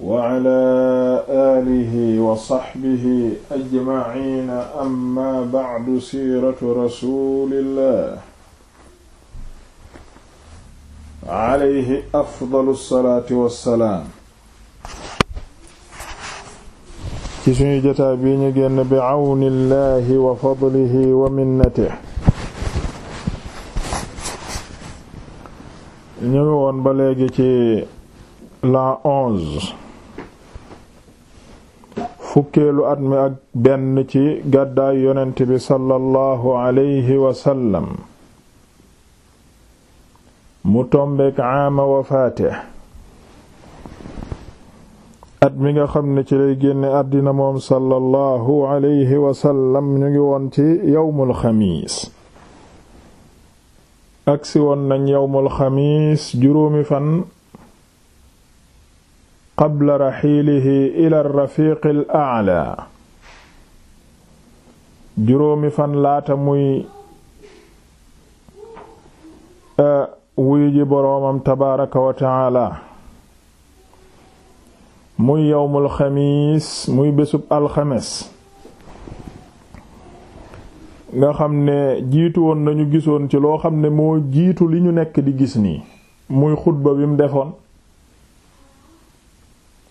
wala alihi wa saxbihi ajmaciina amma bacdu siiratu rasulillah alayhi afdalu salaati wassalaam ci suñu jotaay bi ñu génn bi cawni illahi wa fadlihi wa minnatihi ñu ngi woon ba léegi ci la onze fukkeelu at mi ak benn ci gàddaay yonent bi sallallahu alayhi wasallam mu tombeek aama wafaate at mi nga xam ne ci lay génne àddina moom sallallahu alayhi wasallam ñu ngi woon ci yowmul xamiis agsi woon nañ yowmul xamiis juróomi fan qabla raxiilihi ila rafiiqi al juróomi fan laata muy e, wuyu ji boroomam tabaaraka wa taala muy yowmul xamiis muy bésub alxemes nga xam ne jiitu woon nañu gisoon ci loo xam ne moo jiitu li ñu nekk di gis nii muy xutba bi mu defoon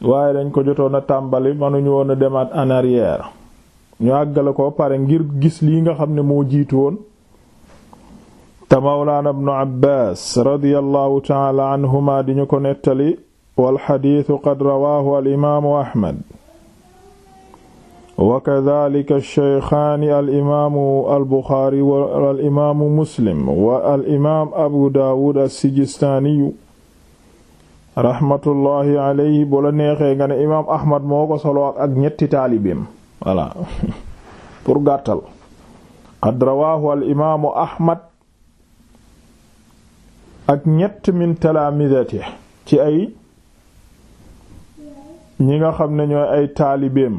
waaye dañ ko jotoon tàmbali mënuñu woon a demaat en ñu àggale ko pare ngir gis lii nga xam ne moo jiitu woon mawlaana ibnu abbaas radiyallahu taala anhuma di ñu ko nettali walxadiisu qad rawaahu alimaamu ahmad wa wa alimaamu daawud as-sijistaaniyu rahmatullahi alayhi neexee nga ne imaam ahmad moo ko solo ak ñetti taalibeem voilà pour gàttal qad rawaahu al imaamu ak ñett min talaamidati ci ay ñi nga xam ne ñooy ay taalibeem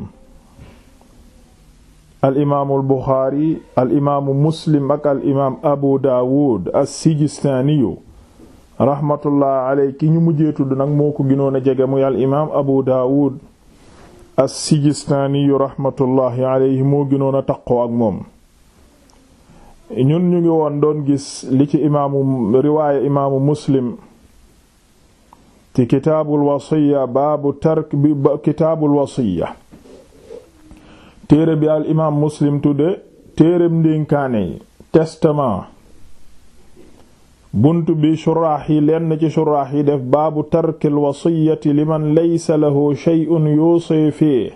al imaamu al muslim ak al abu daawud as-sijistaaniyu rahmatullah aley ki ñu mujjee tudd nag moo ko gënoon a jege muy al imaam abu daawud as-sijistaaniyu rahmatullahi aleyhi moo gënoon a taqoo ak moom ñun ñu ngi woon doon gis li ci imaamu riwaaya imaamu muslim ci kitaabul wasiya téere bi al imaam muslim tudde téerem ndénkaane yi testament bunt bi suraax yi lenn ci suraax yi def baabu tarkil wasiyati liman laysa lahu shay'un yuusi fii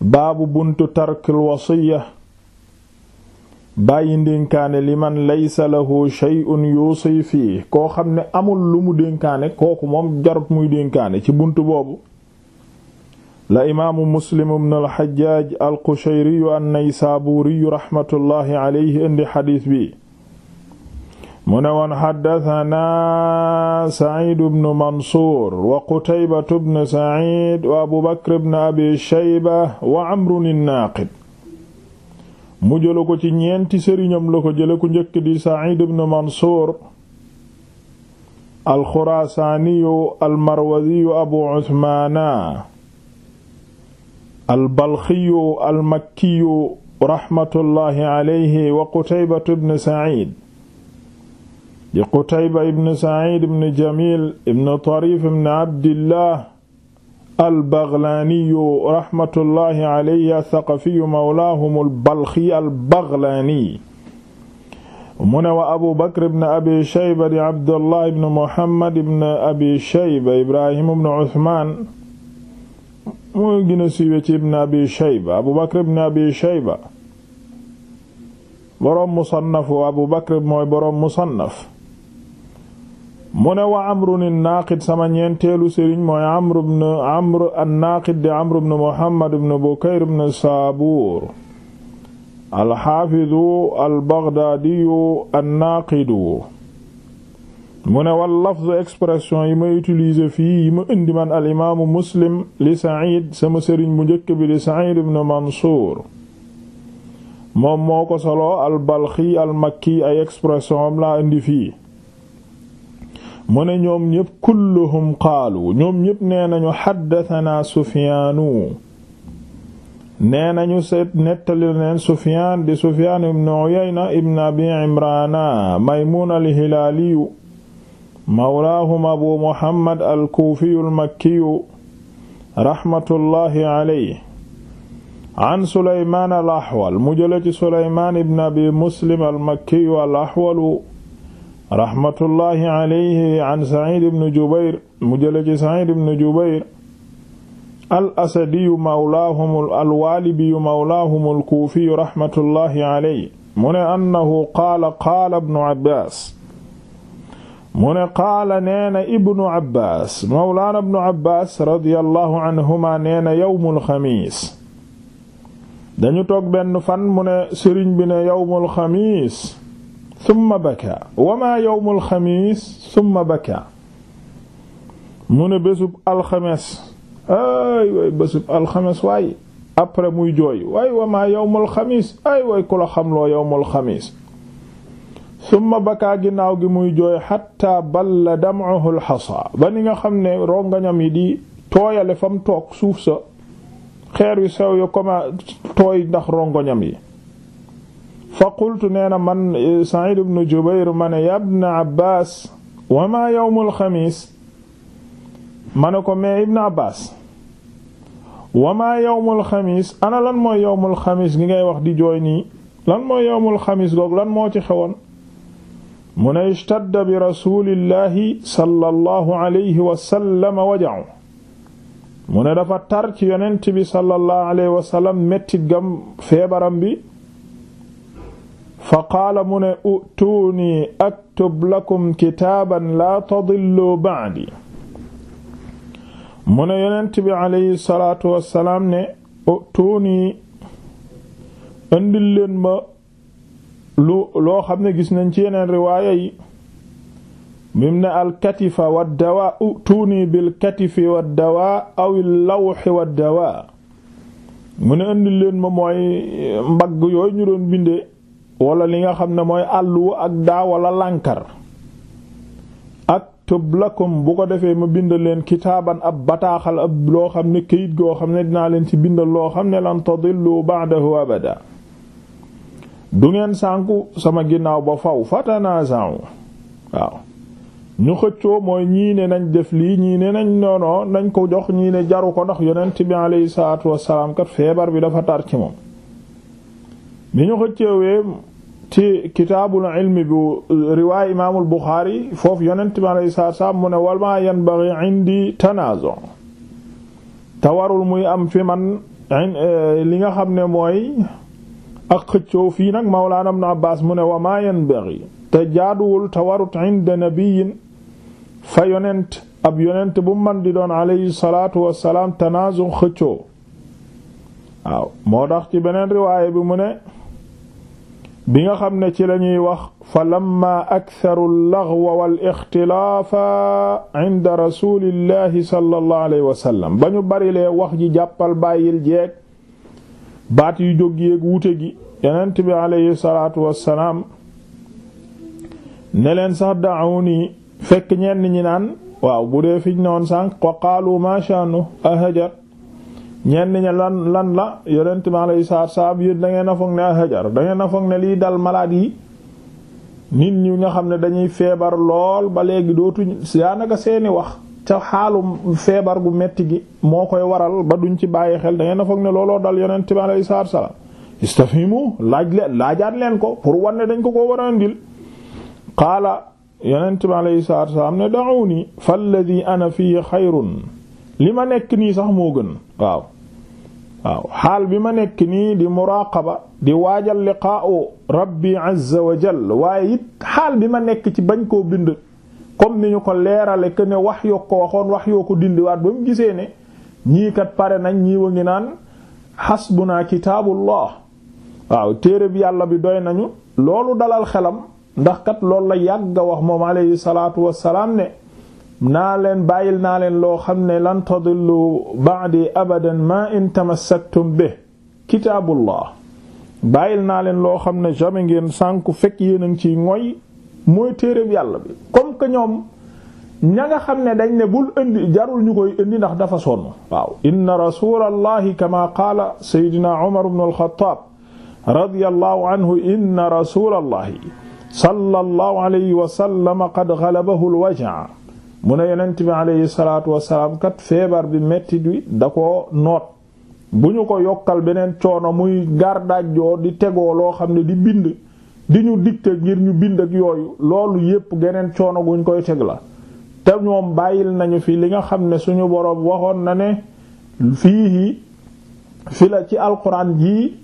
baabu buntu tarkil wasiya bàyyi ndénkaane liman laysa lahu shay'un yuusi fii koo xam ne amul lu mu dénkaane kooku moom jarut muy dénkaane ci bunt boobu la imaamu muslim ibn al-Hajjaaj al-Qushayri an-Naysaabuuri raxmatullaahi alayhi indi xadiis bi mu ne woon xaddatana saidu bnu mansuur wa qutaybatu bnu said wa abu bakr bnu abi shayba wa amrun innaaqid mu jëla ko ci ñeenti sëriñam la ko jële ku njëkk di said bnu mansuur alxurasaaniyu almarwaziyu abu usmaana albalxiyu almakkiyu raxmatullahi alayhi wa qutaybatu bnu said di Qutayba ibn Saciid ibn Jamil ibn Tariif ibn Abdillah al-Baghlaaniyu rahmatullahi alayhi as-Saqafiyu mawlaahum al-Balkhi al-Baghlaani mu ne wa Abu Bakr ibn Abi Shayba di Abdullah ibn Muhammad ibn Abi Shayba Ibrahim ibn Usmaan mooy gën a siiwe ci ibn Abi Shayba Abu Bakr ibn Abi Shayba boroom musannaf Abu Bakr mooy boroom musannaf mu ne wa amrun naaqid sama ñeenteelu sëriñ mooy Amr ibn Amr an-Naaqid di Amr ibn Muhammad ibn Bukayr ibn Saabuur al-Haafidu al-Baghdaadiyu an-Naaqidu mu ne wal lafzu expression yi ma utilise fii yi ma indi man al imaamu muslim li Saïd sama sëriñ bu njëkk bi di Saïd Mansuur moom moo ko solo al balxi al makki ay expression laa indi fii mu ne ñoom ñépp kulluhum qaalu ñoom ñépp nee nañu xaddatanaa sufiaanu nee nañu seet nettali neen sufiaan di sufiaan ibn uyayna ibn abi imraana maymuun alhilaaliyu mawlaahum abu muhammad alkuufiyu almakkiyu raxmatullaahi alayhi an suleymaan al axwal mu jële ci suleymaan ibn abi muslim almakkiyu al axwalu raxmatullahi alayhi an Saciid ibn Jubayr mu jële ci Saciid ibn Jubayr al asadiyu mawlaahum alwaalibiyu mawlaahum alkuufiyu raxmatullahi alayhi mu ne annahu qaala qaala ibnu Abbaas mu ne qaala neena ibnu Abbaas mawlaana ibnu Abbaas radiyallahu anhuma neena yawmul xamiis dañu toog benn fan mu ne sëriñ bi ne yawmul xamiis summa baka wama yowmul xamiis summa baka mu ne bésub alxames ay way bésub alxames waay après muy jooy waay wama yowmul xamiis ay way ku la xamloo yowmul xamiis summa baka ginnaaw gi muy jooy xatta balla dam'uhu alxasa ba ni nga xam ne rongañam yi di tooyale fam toog suuf sa xeer yu sew yu koma tooy ndax rongoñam yi fa qultu nee na man eh, Sa'id ibn Jubayr ma ne ya ibn Abbas wa ma yawmul xamiis ma ne ko mais ibn Abbas wa ma yawmul xamiis ana lan mooy yawmul xamiis gi ngay wax di jooy nii lan mooy yawmul lan moo ci xewoon mu ne ishtadda bi rasulillahi sallallahu alayhi wa sallam waja'u mu ne dafa tar ci yonent bi sallallahu alayhi wa sallam mettit gam feebaram bi fa qaala mu ne utuunii aktub lakum kitaaban laa tadilluu ba'dii mu ne yonent bi alayhi salaatu wassalaam ne utuunii indil ma loo xam ne gis nañ ci yeneen riwaaya yi mim ne alkatifa waddawaa utuunii bilkatifi waddawaa aw illawxi waddawaa mu ne indil leen ma mooy mbagg yooyu ñu doon wala li nga xam ne mooy àlluwa ak daa wala lànkar ak tëblakum bu ko defee ma bind leen kitaaban ab bataaxal ab loo xam ne kayit goo xam ne dinaa leen ci bindal loo xam ne lan tadillu ba'dahu abada du ngeen sànku sama ginnaaw ba faw fatanaza'u waaw ñu xëccoo mooy ñii ne nañ def lii ñii ne nañ noonoo nañ ko jox ñii ne jaru ko ndax yeneen bi alayhi salaatu wassalaam kat feebar bi dafa tar ci moom bi ñu xëccëwee ci kitaabul ilmi bu euh, riwaay imaamul Buxaari foofu yonent bi alayhi salaatu salaam mu ne wal maa yanbaghi tanaazu te warul muy am fi man euh, li nga xam ne mooy ak xëccoo fii nag Mawlaana Ibn Abbaas mu ne wa maa yanbaghi te jaaduwul te warut inda nabiyyin fa yonent ab yonent bu man di doon alayhi salaatu wassalaam tanaazu xëccoo waaw moo tax ci beneen riwaay bi mu ne bi nga xam ne ci lañuy wax fa lamma aktharu llaghwa wal ixtilaafa inda rasulillahi sallallahu alayhi wa sallam ba ñu barilee wax ji jàppal bàyyil jeeg baat yu jóg yeeg wute gi yonent bi alayhi salaatu wassalaam ne leen sax da'uni fekk ñenn ñi naan waaw bu dee fiñ noon sànq wa qaalu ma sha'nu ahajar ñenn ña lan lan la yonent mi alayhi salaatu salaam yéen da ngeen a foog ne hajar da ngeen a ne liy dal malade yi nit ñi nga xam ne dañuy feebar lool ba léegi dootuñ daanaka seeni wax ca xaalu feebar gu metti gi moo koy waral ba duñ ci bàyyi xel da ngeen a foog ne looloo dal yonent mi alayhi salaatu salaam istafhimu laaj leen laajaat leen ko pour wanne dañ ko ko war a indil qaala yonent mi alayhi salaatu salaam ne da'uuni falladi ana fii xayrun li ma nekk nii sax moo gën waaw waaw xaal bi ma nekk nii di muraqaba di waajal liqaa'u rabbi azza wa jal waaye it xaal bi ma nekk ci bañ koo bind comme ni ñu ko leerale que ne wax yoo ko waxoon wax yoo ko dindiwaat ba mu gisee ne ñii kat pare nañ ñii wa ngi naan xasbunaa kitaabullah waaw téere bi yàlla bi doy nañu loolu dalal xelam ndax kat loolu la yàgg a wax moom alayhi salaatu wassalaam ne naa leen bàyyil naa leen loo xam ne lan tadillu ba'di abadan ma in tamassaktum bi kitaabullah bàyyil naa leen loo xam ne jamais ngeen sànku fekk yéen ci ngoy mooy téereb yàlla bi comme que ñoom ña nga xam ne dañ ne bul indi jarul ñu koy indi ndax dafa sonn waaw inna rasulallahi kama qaala sayyidina umar ibn al-khattab radiyallahu anhu inna rasulallahi sallallahu alayhi qad ghalabahu al mu ne yonent bi alayhi salaatu wassalaam kat feebar bi metti bi da ko noot bu ñu ko yokkal beneen coono muy gardajjoo di tegoo loo xam ne di bind di ñu dicté ngir ñu bind ak yooyu loolu yépp geneen coono guñ koy teg la te ñoom bàyyil nañu fi li nga xam ne suñu boroom waxoon na ne fii fi la ci alquran jii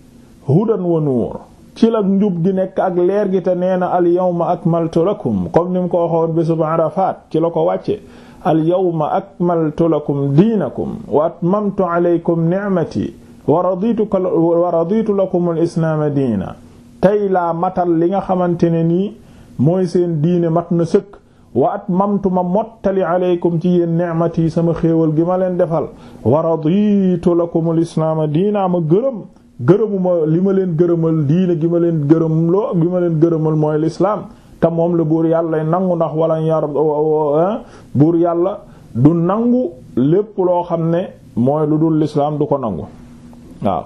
hudan wa nuur ci la njub gi nekk ak leer gi te nee na al yawma akmaltu lakum comme ni mu ko waxoon bésub Arafat ci la ko wàcce al yawma akmaltu lakum diinakum wa atmamtu alaykum ni'mati wa raditu wa raditu lakum al diina tey laa matal li nga xamante ne nii mooy seen diine mat na sëkk wa atmamtu ma mottali aleykum ci yéen ni'mati sama xéewal gi ma leen defal wa raditu lakum al islaama diina ma gërëm gërëmuma li ma leen gërëmal diine gi ma leen gërëm loo gi ma leen gërëmal mooy lislaam te moom la buur yàlla nangu ndax wala yar buur yàlla du nangu lépp loo xam ne mooy lu dul lislaam du ko nangu waaw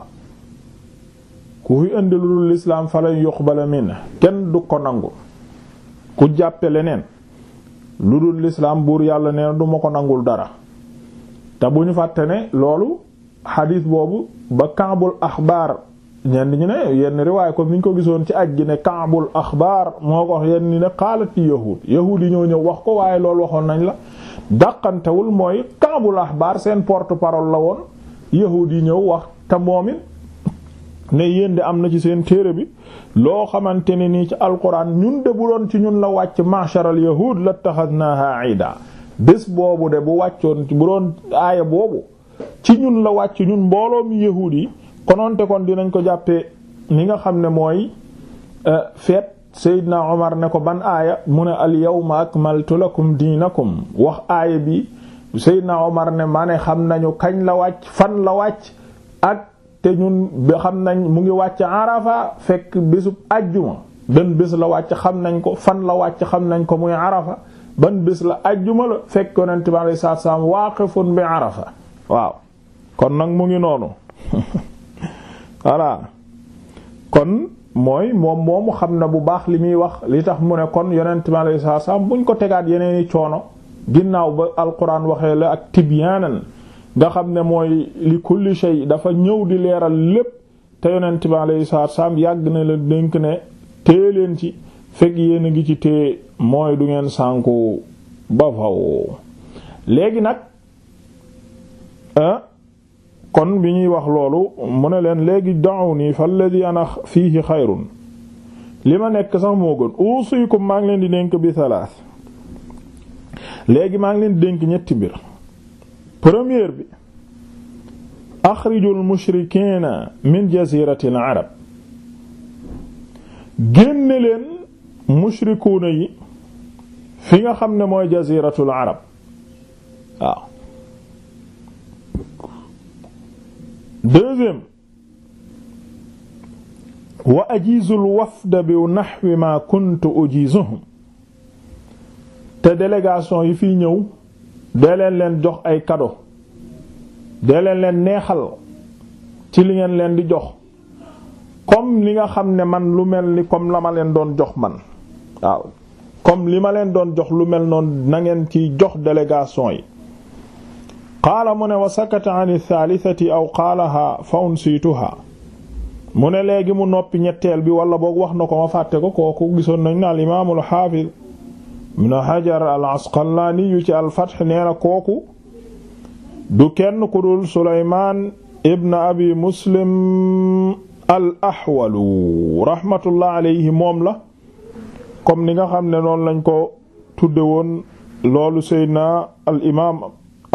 ku fi indi lu dul lislaam fa lay yuqbala min kenn du ko nangu ku jàppe leneen lu dul lislaam buur yàlla nee na du ma ko nangul dara te bu ñu fàtte ne loolu xadiis boobu ba kaabul axbaar ñenn ñu ne yenn riwaay comme ni ko gisoon ci ak gine ne kaabul axbaar moo ko wax yenn ñi ne xaalati yahud yahud yi ñëw wax ko waaye lool waxoon nañ la dàqantewul mooy kaabul axbaar seen porte parole la woon yahud yi ñëw wax te moom it ne yéen am na ci seen téere bi loo xamante ne nii ci alquran ñun de bu doon ci ñun la wàcc masharal yahud la taxadnaha ida bés boobu de bu wàccoon bu doon aaya boobu ci ñun la wàcc ñun mbooloo mi yahuud yi kononte kon dinañ ko jàppee ni nga xam ne mooy euh, feet Seydina Omar ne ko ban aaya mu ne al yawma akmaltu lakum diinakum wax aaya bi Seydina Omar ne ma ne xam nañu kañ la wàcc fan la wàcc ak te ñun ba xam nañ mu ngi wàcc Arafa fekk bésub ajjuma ban bés la wàcc xam nañ ko fan la wàcc xam nañ ko muy Arafa ban bés la ajjuma la fekk yonent bi alayhi salaatu wa salaam waaqifun bi Arafa waaw kon nag mu ngi noonu voilà kon mooy moom moomu xam na bu baax li muy wax li tax mu ne kon yonent lay alayhi salaatu bu buñ ko tegaat yeneen yeneeni coono ginnaaw ba alquran waxee la ak tibyaanan nga xam ne mooy li kulli shay dafa ñëw di leeral lépp te yonent mi alayhi salaatu salaam yàgg na la dënk ne téye leen ci fekk yéen a ngi ci téye mooy du ngeen sànku ba faw léegi nag ah, kon bi ñuy wax loolu mu ne leen léegi da'uni falladi ana fiihi xayrun li ma nekk sax moo gën usikum maa ngi leen di dénk bi léegi maa ngi leen dénk ñetti mbir première bi axrijul mushrikiina min jaziratil arab génne leen mushrikuuna yi fi nga xam ne mooy jaziratul arab waaw deuxième wa ajizul wafda bi nahwi ma kuntu ujizuhum te délégation yi fiy ñëw dee leen leen jox ay kado dee leen leen neexal ci li ngeen leen di jox comme li nga xam ne man lu mel ni comme la ma leen doon jox man waaw comme li ma leen doon jox lu mel noonu nangeen ngeen ci jox délégation yi qaala mu ne wa sakata an althaalithati aw qaalaha fa unsituha mu ne léegi mu noppi ñetteel bi wala boog wax na ko ma fàtte ko kooku gisoon nañ ne al imaamu al xaafid hajar al asqalaani ci al fath kooku du kenn ku dul suleymaan ibn abi muslim al ahwalu rahmatullah alayhi moom la comme ni nga xam ne noonu lañ ko tudde woon loolu seydna al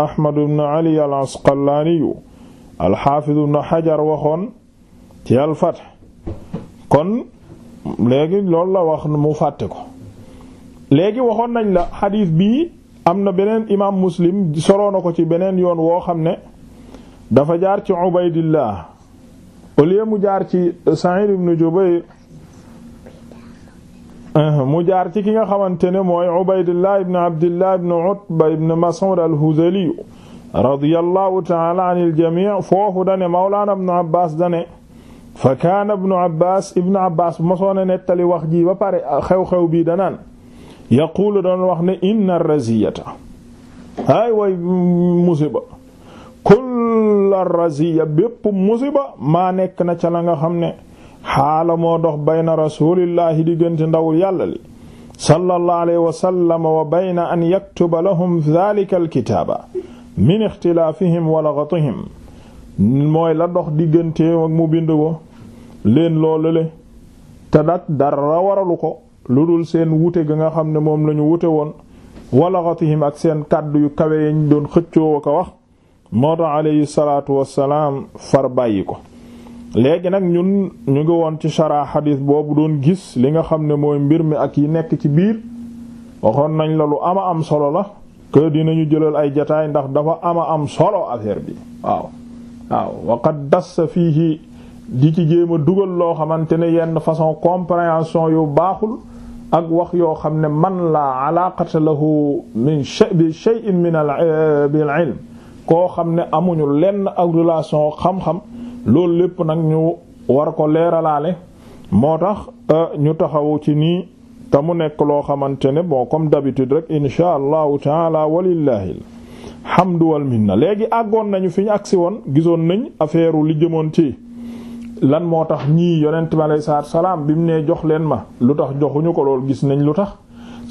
Ahmad ibn Ali al-Asqalaaniyu al-Haafiz ibn Hajar waxoon ci al-Fath kon léegi loolu la wax mu fàtte ko léegi waxoon nañ la xadiis bii am na beneen imaam Muslim soroon na ko ci beneen yoon woo xam ne dafa jaar ci Ubaydillah au lieu jaar ci Sa'id ibn Jubayr Uh-huh. mu jaar ci ki nga xamante ne mooy Ubaydullah ibn Abdillah ibn Utba ibn Mas'ud al-Hudhali radiyallahu ta'ala anil jami' foofu dane Mawlana ibn Abbas dane fa kaana ibn Abbas ibn Abbas bu mosoona nettali wax ji ba pare uh, xew-xew bii danaan yaquulu doon wax ne inna raziyata ay way musiba kulla raziya bépp musiba maa nekk na ca la nga xam ne xaala moo dox bayna rasulillahi diggante ndawul yàlla li sallallahu alayhi wa sallam wa bayna an yaktuba lahum dhalika alkitaaba min ixtilaafihim wa laghatihim mooy la dox diggante ak mu bind ko leen loolale te nag dara waralu ko lu dul seen wute ga nga xam ne moom lañu ñu wute woon wa laghatihim ak seen kàddu yu kawe yañ doon xëccoo ko wax moo tax alayhi salaatu wassalaam far bàyyi ko léegi nag ñun ñu ngi woon ci chara xadis boobu doon gis li nga xam ne mooy mbir mi ak yi nekk ci biir waxoon nañ la lu ama am solo la que dinañu jëlal ay jataay ndax dafa ama am solo affaire bi waaw waaw waqad dassa fiihi di ci jéem a dugal loo xamante ne yenn façon compréhension yu baaxul ak wax yoo xam ne man la alaqata lahu min bi shay'in min eh, bil ilm koo xam ne amuñu lenn ak relation xam-xam loolu lépp nag ñu war ko leeralaale moo tax euh, ñu taxawu ci nii te mu nekk loo xamante ne bon comme d'habitude rek insha allahu taala xam duwal wal na léegi àggoon nañu fi ñu agsi woon gisoon nañ affaire li jëmoon ci lan moo tax ñii yonent bi alayhi salaam bi mu nee jox leen ma lu tax joxuñu ko lool gis nañ lu tax.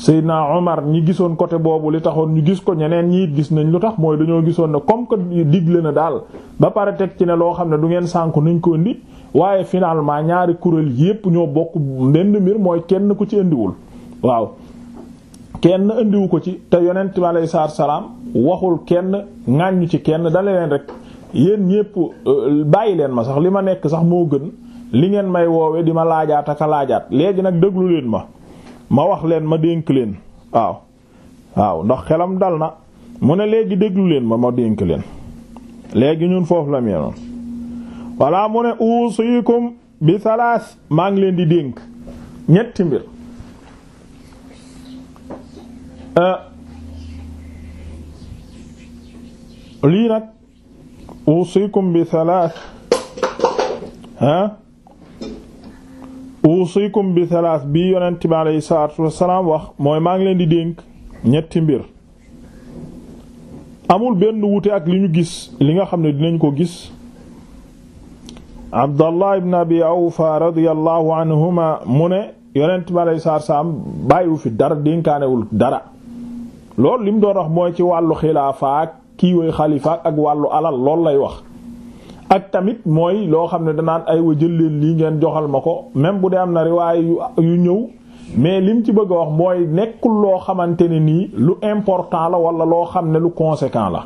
Seydina Omar ñi gisoon côté boobu li taxoon ñu gis ko ñeneen ñii gis nañ lu tax mooy dañoo gisoon na comme que digle na daal ba pare teg ci ne loo xam ne du ngeen sànku nañ ko indi waaye finalement ñaari kuréel yépp ñoo bokk benn mbir mooy kenn ku ci indiwul waaw kenn indiwu ko ci te yonent bi alayhi salaam waxul kenn ŋàññu ci kenn dale leen rek yéen ñépp euh, bàyyi leen ma sax li ma nekk sax moo gën li ngeen may woowe di ma laajaat ak a laajaat léegi nag déglu leen ma ma wax leen ma dénk leen waaw waaw ndox xelam dal na mu ne léegi déglu leen ma ma dénk leen léegi ñun foofu la meenoon walla mu ne uusikum bi salaas maa ngi leen di dénk ñetti mbir lii nag uusikum bi salaas ha uusikum bi thalath bi yonent bi alayhi salaatu wax mooy maa ngi leen di dénk ñetti mbir amul benn wuti ak li ñu gis li nga xam ne dinañ ko gis abdallah ibn abi awfa radiyallahu anhuma mu ne yonent bi alayhi salaatu bàyyiwu fi dara dénkaanewul dara loolu li doon wax mooy ci wàllu xilaafa ak kiiwee xalifa ak wàllu alal loolu lay wax ak tamit mooy loo xam ne danaan ay wa jël leen lii ngeen joxal ma ko même bu dee am na riwaay yu ñëw mais lim ci bëgg a wax mooy nekkul loo xamante ne nii lu important la wala loo xam ne lu conséquent la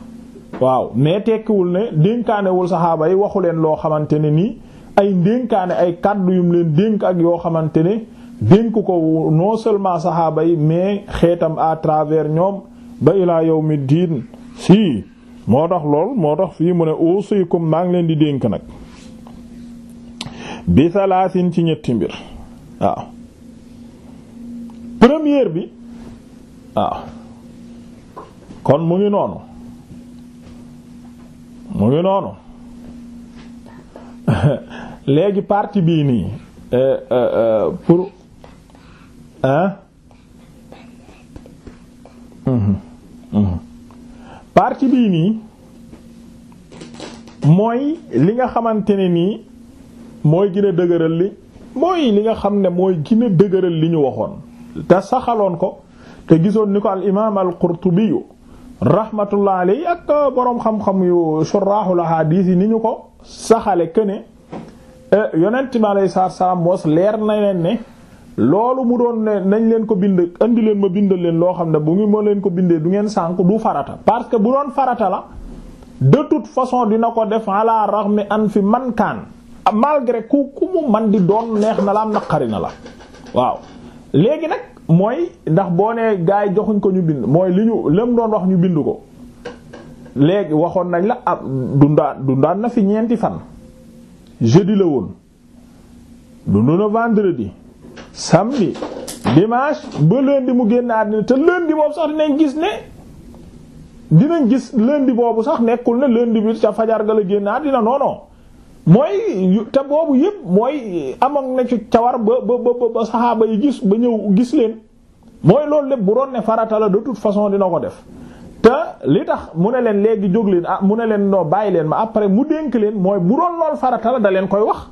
waaw mais tekkiwul ne dénkaanewul saxaaba yi waxu leen loo xamante ne nii ay dénkaane ay kàddu yum leen dénk ak yoo xamante ne dénk ko non seulement saxaaba yi mais xeetam à travers ñoom ba ilaa yawmi diin sii moo tax lool moo tax fii mu ne uusikum maa ngi leen di dénk nag bi salaasin ci ñetti mbir waaw première bi waaw kon mu ngi noonu mu ngi noonu léegi parti bii nii eh, eh, eh, pour hein. Mm-hmm. partie bii nii mooy li nga xamante ne nii mooy gën a li mooy li nga xam ne mooy gën a dëgëral li ñu waxoon te saxaloon ko te gisoon ni ko al imaam al Qurtubi rahmatullah alayhi ak boroom xam-xam yu shurahul ahadis yi ni ñu ko saxale que ne eh, yonent bi alayhi salaam mos leer na leen ne. loolu mu doon ne nañ leen ko bind andi leen ma bindal leen loo xam ne bu ngi ma leen ko bindee du ngeen sànk du farata parce que bu doon farata la de façon dina ko def ala raxmi an fi mankaan malgré ku ku mu man di doon neex na la am naqari na la waaw léegi nag mooy ndax boo nee gaa yi joxuñ ko ñu bind mooy li ñu lëm doon wax ñu bind ko léegi waxoon nañ la ab ah, dundaan dundaan na fi ñeenti fan jeudi la woon dund na vendredi samedi dimanche ba lundi mu génn àddina te lundi boobu sax dinañ gis ne dinañ gis lundi boobu sax nekkul ne lundi bi ca fajar ga la génn àddina non non mooy te boobu yëpp mooy amoon na ci cawar ba ba ba ba saxaaba yi gis ba ñëw gis leen mooy loolu lépp bu doon ne farata la de toute façon dina ko def. te li tax mu ne leen léegi jóg leen ah mu ne leen noo bàyyi leen ma après mu dénk leen mooy bu doon lool farata la da leen koy wax.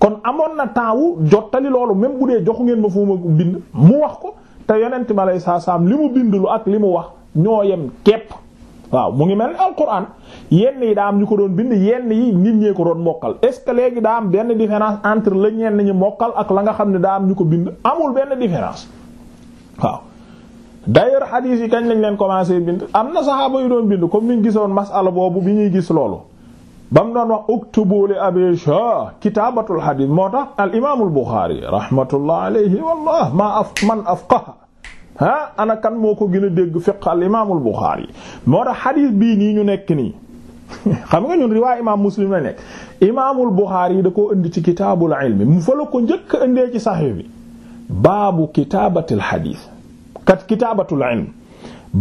kon amoon na temps wu jottali loolu même bu dee joxu ngeen ma fu ma bind mu wax ko te yonent ma lay saa saam li mu bind lu ak li mu wax ñoo yem képp waaw mu ngi mel ni alquran yenn yi daa am ñu ko doon bind yenn yi nit ñee ko doon mokkal est-ce que léegi daa am benn différence entre la ñenn ñi mokkal ak la nga xam ne daa am ñu ko bind amul benn différence waaw d'ailleurs hadith yi kañ lañ leen commencé bind am na saxaaba yu doon bind comme ni ñu gisoon masala boobu bi ñuy gis loolu. bam mu doon wax uktubu li abi shah kitaabatul xadiis moo tax al imaamul buxaari rahmatullah alayhi wallah maa man afqaha ah ana kan moo ko gën a dégg fiq al imaamul buxaari moo tax xadiis bii nii ñu nekk nii xam nga ñu riwaay imaam muslim nekk imaamul buxaari yi da koo indi ci kitaabul ilmi mu fa ko njëkk a indee ci saxiix bi baabu kitaabatil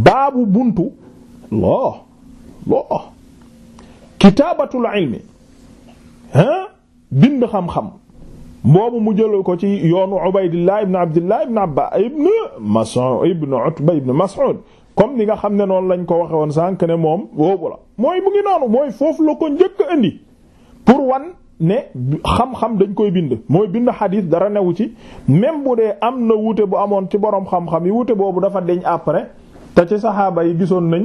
baabu buntu loo loo. kitaabatul ilmi ah bind xam-xam boobu mu jël ko ci yoonu Ubaydillah ibn Abdillah ibn Abba ibn Mas'ud ibn Utba ibn Mas'ud comme ni nga xam ne noonu lañ ko waxe woon sànq ne moom boobu la mooy mu ngi noonu mooy foofu la ko njëkk a indi pour wan ne xam-xam dañ koy bind mooy bind xadiis dara newu ci même bu dee am na wuute bu amoon ci boroom xam-xam yi wuute boobu dafa deñ après te ci saxaaba yi gisoon nañ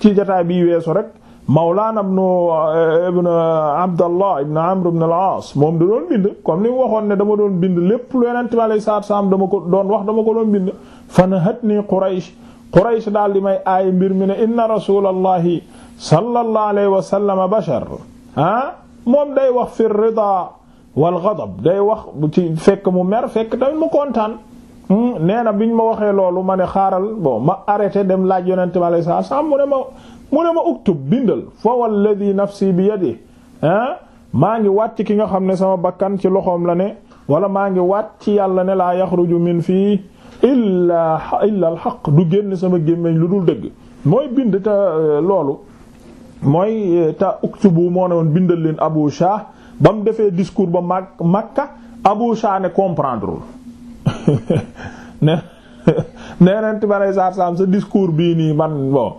ci jotaay bi weesu rek. Mawlaana ibnu eh, ibnu Abdallah ibnu Amr ibnu al-Aas moom da doon bind comme ni waxoon ne dama doon bind lépp lu Yonent bi alayhi salaatu salaam dama ko doon wax dama ko doon bind fanahatnii Quraysh Quraysh daal di may aaya mbir mi ne inna rasuulallahi sallallahu alayhi wa sallam bashar ah moom day wax fi ridaa wal ghadab day wax ci fekk mu mer fekk tamit mu kontaan hmm, nee na biñ ma waxee loolu ma ne xaaral bon ma arrêté dem laaj Yonent bi alayhi salaatu salaam mu ne ma mu ne ma uktub bindal fa walladi nafsi bi yadihi ah, maa ngi wàcc ki nga xam ne sama bakkan ci loxoom la ne wala maa ngi wàcc ci yàlla ne laa yaxruju min fii illa illa al du génn sama gémmiñ lu dul dégg mooy bind te euh, loolu mooy euh, te uktubu moo ne woon bindal leen Abu Shah ba mu defee discours ba mak Makka Abu Shah ne comprendrewul ne nee neen saar sam sa discours bii nii man bon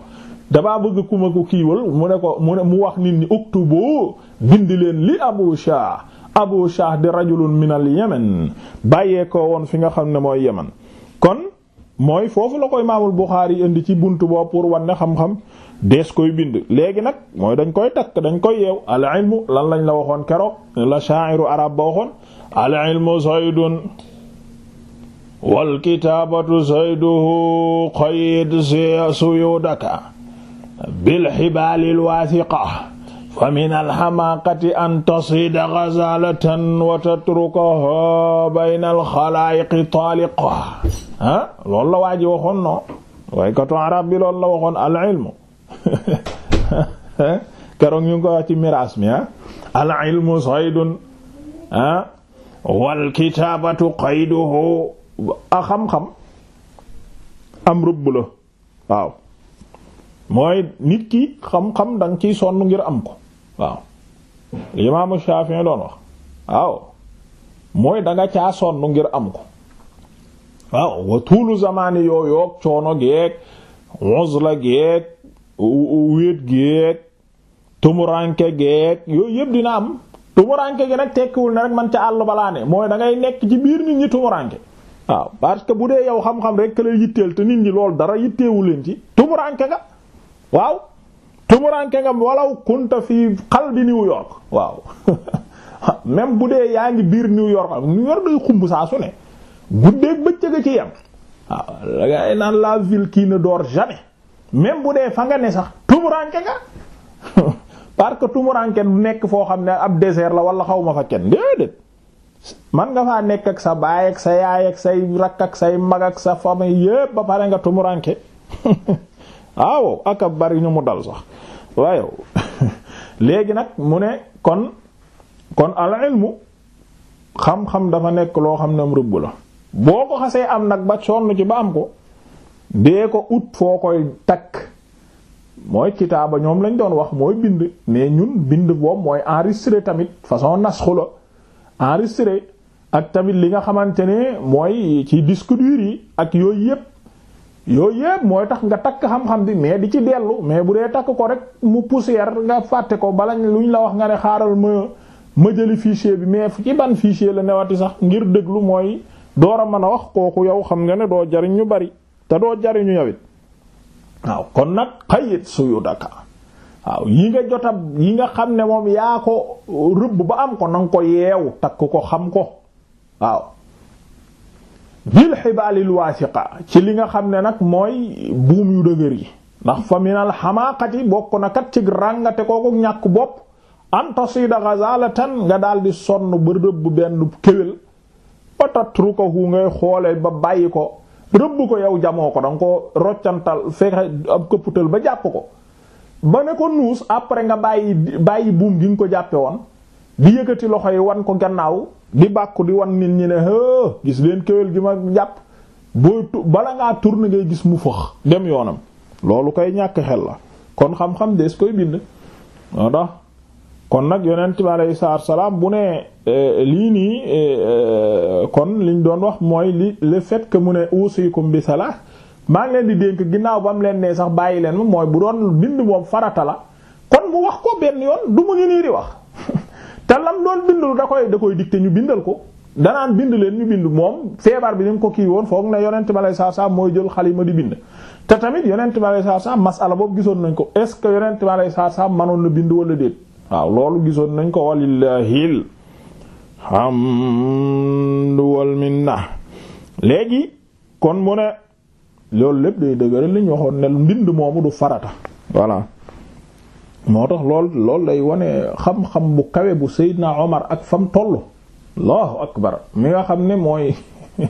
damaa bëgg ku ma ko kiiwal mu ne ko mu ne mu wax nit ñi uktubu bind leen li Abu Shah Abu Shah di rajulun min al Yemen bàyyee ko woon fi nga xam ne mooy Yemen kon mooy foofu la koy Imaamul Buxaari indi ci buntu boo pour wan ne xam-xam dees koy bind léegi nag mooy dañ koy takk dañ koy yeew al ilmu lan lañ la waxoon keroog la sha'iru arab ba waxoon al ilmu saydun wal kitaabatu sayduhu qayd suyudaka bil xibaalil waasiqa fa min alxamaaqati an tasida gazalatan wa tatrukaha bayna alxalaayiqi taaliqa ah loolu la waa ji waxoon no waykatu arab bi loolu la waxoon al ilmu keroog ñu ngi ko wax ci miraas mi ah al ilmu saydun ah wal kitaabatu qayduhu a xam-xam am rubb la waaw mooy nit ki xam-xam da nga ciy sonn ngir am ko waaw li imaamu Shafi'i doon wax waaw mooy danga nga caa sonn ngir am ko waaw wa tuulu zamani yoo yoog coono geeg uzla geeg wéet geeg tumuranke geeg yooyu yëpp dina am tumuranke gi nag tekkiwul ne rek man ca àll balaa ne mooy da ngay nekk ci biir nit ñi tumuranke waaw parce que bu dee yow xam-xam rek ka lay yitteel te nit ñi loolu dara yitteewu leen ci tumuranke nga waaw tumuranke nga walaw kunta fii qalbi New York waaw même bu dee yaa ngi biir New York New York day xumb saa su ne guddeeg bëccëg a ci yem waaw da ngay naan la ville qui ne dort jamais même bu dee fa nga ne sax tumuranke nga par que tumuranke du nekk foo xam ne ab désert la wala xaw ma fa kenn déedéet man nga faa nekk ak sa baay ak sa yaay ak say rakk ak say mag ak sa famille yépp ba pare nga tumuranke waaw aka bari ñu mu dal sax waaye léegi nag mu ne kon kon al ilmu xam-xam dafa nekk loo xam ne am rëbb la boo ko xasee am nag ba sonn ci ba am ko dee ko ut foo koy takk mooy kitaaba ñoom lañ doon wax mooy bind mais ñun bind boobu mooy enregistré tamit façon nasxu la enregistré ak tamit li nga xamante ne mooy ci disque dur yi ak yooyu yépp yooyu yëpp mooy tax nga takk xam-xam bi mais di ci dellu mais bu dee takk ko rek mu poussière nga fàtte ko bala lu ñu la wax nga ne xaaral ma ma jëli fichier bi mais ci ban fichier la newati sax ngir déglu mooy door a mën a wax kooku yow xam nga ne doo jariñ ñu bari te doo jariñu yawit waaw kon nag xayit suyu daka waaw yi nga jotab yi nga xam ne moom yaa ko rëbb ba am ko na ko yeew takk ko xam ko waaw bil xibaalil waasiqa ci li nga xam ne nag mooy buum yu dëgër yi ndax fa minal xamaaqati bokk na kat ci ràngate kooku ñàkk bopp antasida ghazalatan nga daal di sonn ba rëbb benn kéwél ba tatrukahu ngay xoole ba bàyyi ko rëbb ko yow jamoo ko danga ko roccantal fexe ab këpputal ba jàpp ko ba ne ko nuus après nga bàyyi bàyyi buum gi nga ko jàppe woon di yëkkati loxo yi wan ko gannaaw di bàkku di wan nit ñi ne hë gis leen kéwél gi ma jàpp booy tu bala ngaa tourner ngay gis mu fëx dem yoonam loolu koy ñàkk xel la kon xam-xam des koy bind moo kon nag yonent bi aleyhi salaatu salaam bu ne lii nii kon liñ doon wax mooy li le fait que mu ne usikum bi sala maa ngi leen di dénk ginnaaw ba mu leen nee sax bàyyi leen ma mooy bu doon bind moom farata la kon mu wax ko benn yoon du mu ngi nii di wax te lool doon bindul da koy da koy dicté ñu bindal ko danaan bind leen ñu bind moom feebar bi ni ko kii woon foog ne yonent bi aleyhi salaatu salaam mooy jël xalima di bind. te tamit yonent bi aleyhi salaatu salaam masala boobu gisoon nañ ko est ce que yonent bi aleyhi salaatu salaam mënoon na bind wala déet waaw loolu gisoon nañ ko walillahil hamdu wal minna léegi kon mu ne loolu lépp day dëgëral li ñu waxoon ne mbind moomu du farata voilà. moo tax lool lool day wane xam-xam bu kawe bu Seydina Omar ak fam toll allahu akbar mi nga xam ne mooy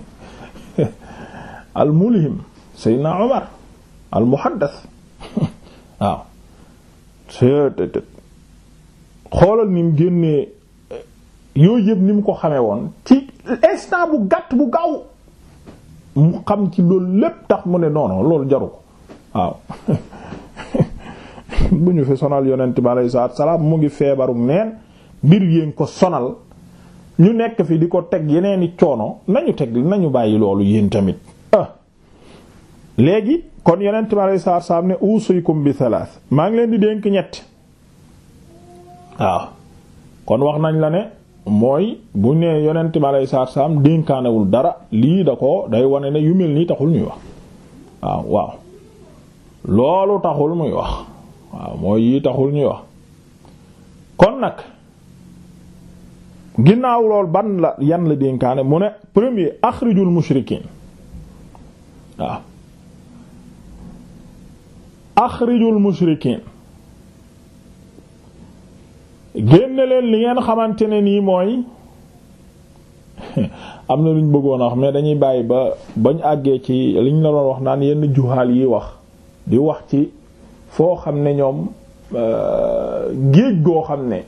al mulhim Seydina Omar al muhaddas waaw seetet xoolal ni mu génnee yooyu yëpp ni mu ko xamee woon ci instant bu gàtt bu gaaw mu xam ci loolu lépp tax mu ne non loolu jaru ko waaw bu ñu fi sonal yonent bi alayhi salaatu salaam mu ngi feebarug neen mbir yéen ko sonal ñu nekk fi di ko teg yeneeni coono nañu teg nañu bàyyi loolu yéen tamit ah. léegi kon yonent bi alayhi salaatu salaam ne uusikum bi thalath maa ngi leen di dénk ñett waaw kon wax nañ la ne mooy bu nee yonent bi alayhi salaatu salaam dénkaanewul dara lii da ko day wane ne yu mel nii taxul ñuy wax waaw loolu taxul muy wax waaw mooy yi taxul ñuy wax kon nag ginnaaw lool ban la yan la dénkaane mu ne premier axrijul mushrikiin waaw axrijul mushrikiin génne leen li ngeen xamante ne nii mooy am na luñ bëggoon a wax mais dañuy bàyyi ba bañ àggee ci liñ la doon wax naan yenn juhaal yi wax di wax ci foo xam ne ñoom euh, géej goo xam ne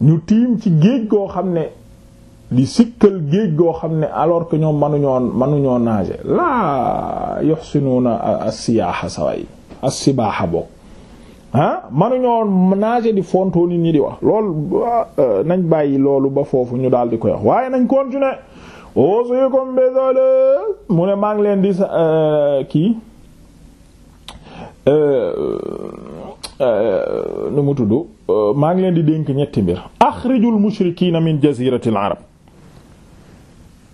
ñu tiim ci géej goo xam ne di sikkal géej goo xam ne alors que ñoom mënuñoo mënuñoo nager laa yuhsinuna as-siyaha saway as-sibaha bokk ah mënuñoo nager di fontoo nit ñi di wax loolu euh, nañ bàyyi loolu ba foofu ñu daal di koy wax waaye nañ continuer ausuyi comme bésolé mu ne maa leen di euh, kii Euh, euh, nu mu tudd euh, maa ngi leen di dénk ñetti mbir axrijul mushrikiina min jaziratil arab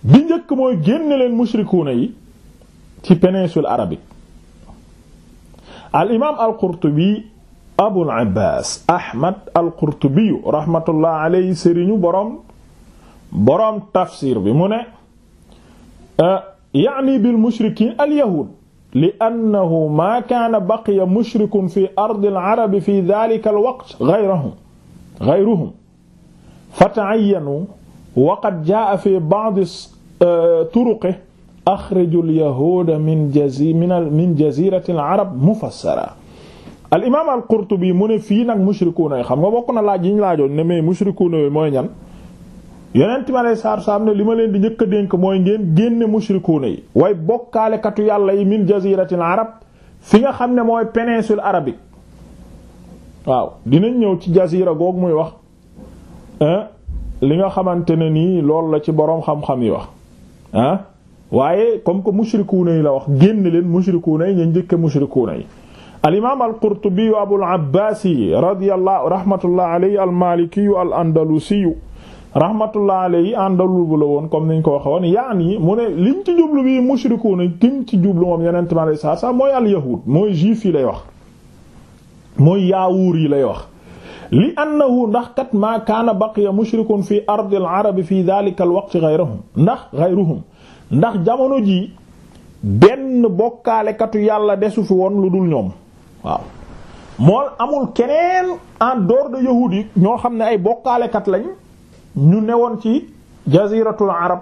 bi njëkk mooy génne leen mushrikuuna yi ci péninsule arabique al imaam al qurtubi abul abbaas ahmad al rahmatullah alayhi sëriñu boroom boroom tafsir bi mu ne yaani bil mushrikiin al yahuud li annahu maa kaana baqiya mushrikun fi ardi al-arabi fi dhalika al-waqt ghayrahum ghayruhum fata'ayyanu wa qad jaa'a fi ba'di uh, turuqihi axriju al-yahuuda min jazi min jazirati al-arab mufassara al-imaam al-Qurtubi mu ne fii nag mushrikuuna yi xam nga bokk na laaj yi ñu laajoon ne mais mushrikuuna yi mooy ñan yonent mi aleyhi salaatu salaam ne li ma leen di njëkk a dénk mooy ngeen génne mushrikuuna yi way bokkaalekatu yàlla yi min jaziratil arab fi nga xam ne mooy péninsule arabique waaw dinañ ñëw ci jazira goog muy wax li nga xamante ne nii loolu la ci boroom xam-xam yi wax ah waaye comme que mushrikuuna yi la wax génn leen mushrikuuna yi ñu njëkke mushrikuuna yi al imaam al qurtubi abul abbaasi radiyallahu rahmatullahi alayhi al maliki rahmatullah alayhi àndalul bu la woon comme niñ ko waxe woon yaani mu ne liñ ci jublu bi mushrikuuna kim ci jublu moom yenente mi alei sat salam mooy alyahud mooy juif yi lay wax mooy yaawuur yi lay wax li annahu ndax kat maa kaana baqiya mushrikun fi ardi al arabi fi dhalika wax waqti ghayrahum ndax gayruhum ndax jamono ji benn bokkaalekatu yàlla desu fi woon lu dul ñoom waaw moo amul keneen en dehors de yi ñoo xam ne ay bokkaalekat lañ ñu newoon ci jaziratul arab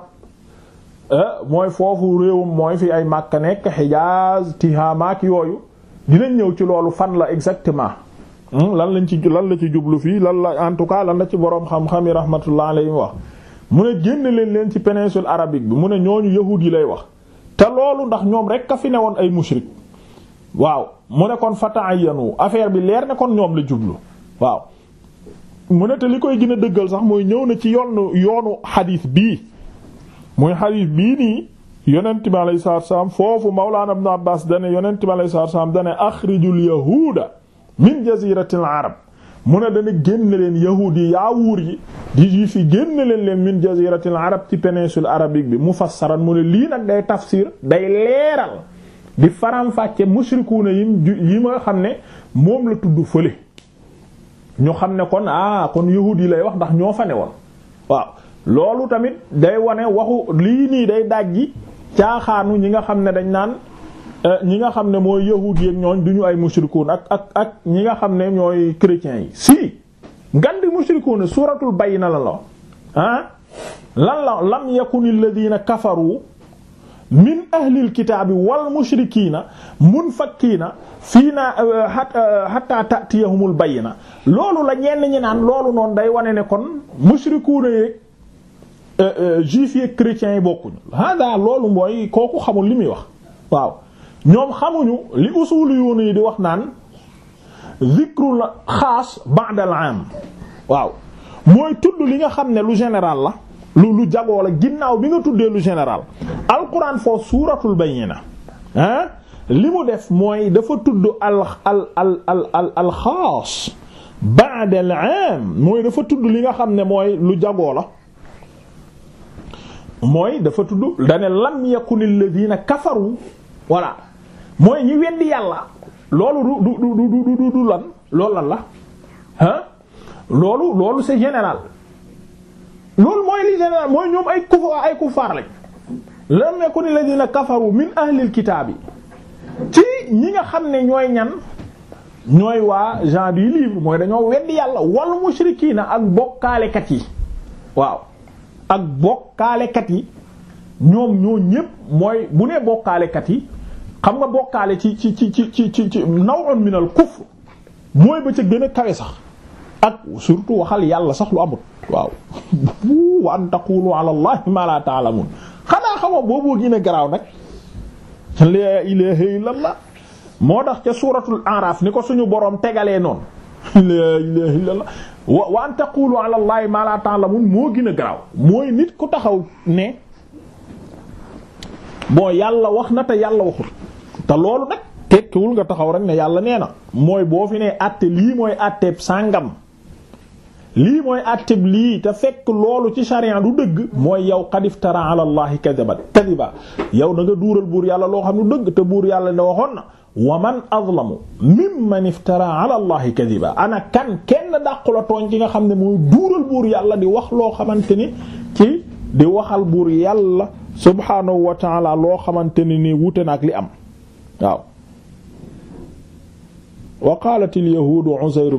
eh, mooy foofu réewum mooy fi ay Makka nekk Hijaz Tihamaak yooyu dinañ ñëw ci loolu fan la exactement hmm, lan lañ ci lan la ci jublu fii lan la en tout cas lan la ci boroom xam-xam yi rahmatullah alayhi wax mu ne génn leen leen ci péninsule arabique bi mu ne ñooñu yahuud yi lay wax te loolu ndax ñoom rek a fi newoon ay mushrik waaw mu ne kon fata'ayyanu affaire bi leer ne kon ñoom la jublu waaw mu ne te li koy gën a dëggal sax mooy ñëw na ci yoonu yoonu xadiis bi muy xadiis bii nii yonent bi alayhi salaatu salaam foofu Mawlaana Ibn Abbaas dane yonent bi alayhi salaatu salaam dane axrijul yahuuda min jaziratil arab mu ne dana génn leen yahuud yi yaawuur yi di juif yi leen leen min jaziratil arab ci péninsule arabique bi mu mufassaran mu ne lii nag day tafsir day leeral di faram-fàcce mushrikuuna yi ma xam ne moom la tudd fële ñu xam ne kon ah kon yahuud yi lay wax ndax ñoo fa ne woon waaw loolu tamit day wane waxu lii nii day dajji caaxaanu ñi nga xam ne dañ naan eh, ñi nga xam ne mooy yahuud yi ak ñooñ du ñu ay mushrikuun ak ak ak ñi nga xam ne ñooy chrétiens yi si ngan di mushrikuun suuratul na la la ah lan la lam yakunil ladina kafaru min ahlil kitaabi wal mushrikiina munfakkiina fii naa eh, eh, eh, hatta ta'tiyahumul bayyina loolu la ñenn ñi naan loolu noon day wane ne kon mushrikuuna yeeg juifs yeeg chrétiens yi bokkuñu hada loolu mooy kooku xamul li muy wax waaw ñoom xamuñu li usuliyuun yi di wax naan zikrul xaas ba'dal aam waaw mooy tudd li nga xam ne lu général la lu lu jagoo la ginnaaw bi nga tuddee lu général alquran foofu suuratul bayyina ah li mu def mooy dafa tudd al al al al al alxaas mooy dafa tudd li nga xam ne mooy lu jagoo la mooy dafa tudd dane lam yakun alladhina kafaru voilà mooy ñi yàlla loolu du du du du lan loolu lan la ah loolu loolu c'est général loolu mooy li général mooy ñoom ay kufa kufaar lañ lam yakun alladhina kafaru min ahlil kitaabi ci ñi nga xam ne ñooy ñan ñooy waa gens du livre mooy dañoo weddi yàlla wal mushrikiina ak bokkaalekat yi waaw ak bokkaalekat yi ñoom ñoo ñépp mooy bu nee bokkaalekat yi xam nga bokkaale ci ci ci ci ci ci ci naw'un minal kufr mooy gën a kawe sax ak yàlla sax lu amut waaw wa an taqulu ala allahi ma la ta'lamun xanaa xamoo booboo gën a garaaw nag laa ilaaha illallah moo tax ca suuratul Araf ni ko suñu borom tegalee noon laa ilaaha illallah wa an taqulu ala allahi ma la ta'lamun moo gën a garaaw mooy nit ku taxaw ne boo yàlla wax na te yàlla waxul te loolu nag tekkiwul nga taxaw rek ne yàlla nee na mooy boo fi ne àtte lii mooy àtteeb sàngam lii mooy atteb lii te fekk loolu ci sharia du dëgg mooy yow xadiftara ala allahi kadiban kadiba yow da nga duural buur yàlla loo xam ne dëgg te buur yàlla ne waxoon na wa man azlamu mimman iftara ala allahi ana kan kenn dàqula tooñ ki nga xam ne mooy duural buur yàlla di wax loo xamante ni ci di waxal buur yàlla subhaanahu wa taala loo xamante ni nii wute nak li am waaw wa qalat al yahudu uzayr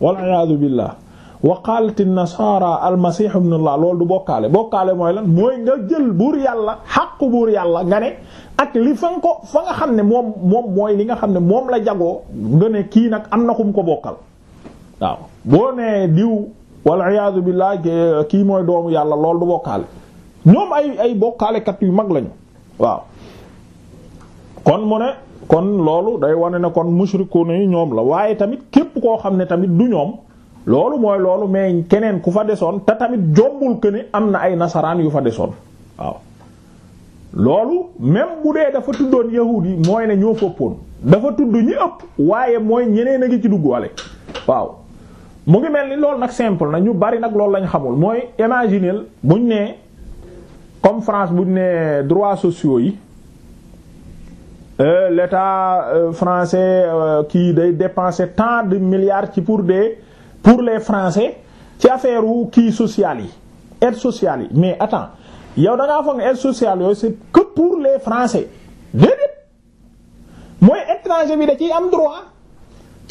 waliyasu billah wa qalat nasara almasih ibn allah loolu du bokkaale bokkaale mooy lan mooy nga jël buur yàlla xaqu buur yàlla nga ne ak li fa ko fa nga xam ne moom moom mooy li nga xam ne moom la jagoo nga ne kii nag am na kum ko bokkal waaw boo nee diw waliyasu billah kii mooy doomu yàlla lool du bokkaale ñoom ay ay bokkaalekat yu mag lañu waaw kon mu ne kon loolu day wane na kon mushrikuuna yi ñoom la waaye tamit képp koo xam ne tamit du ñoom loolu mooy loolu mais keneen ku fa desoon te tamit jombul que ni am na ay nasaraan yu fa desoon waaw loolu même bu dee dafa tuddoon yahuud yi mooy ne ñoo fëppoon dafa tudd ñi ëpp waaye mooy ñeneen a ngi ci duggaale waaw mu ngi mel ni loolu nag simple na ñu bari nag loolu lañ xamul mooy imaginer buñ ne comme France buñ ne droits sociaux yi Euh, l'État euh, français kii euh, day dépenser tant de milliards ci pour des pour les Français ci affaire wu kii sociale yi aide sociale yi mais attends yow da ngaa foog aide sociale yooyu c'est que pour les Français déedéet mooy étranger bi da ci am droit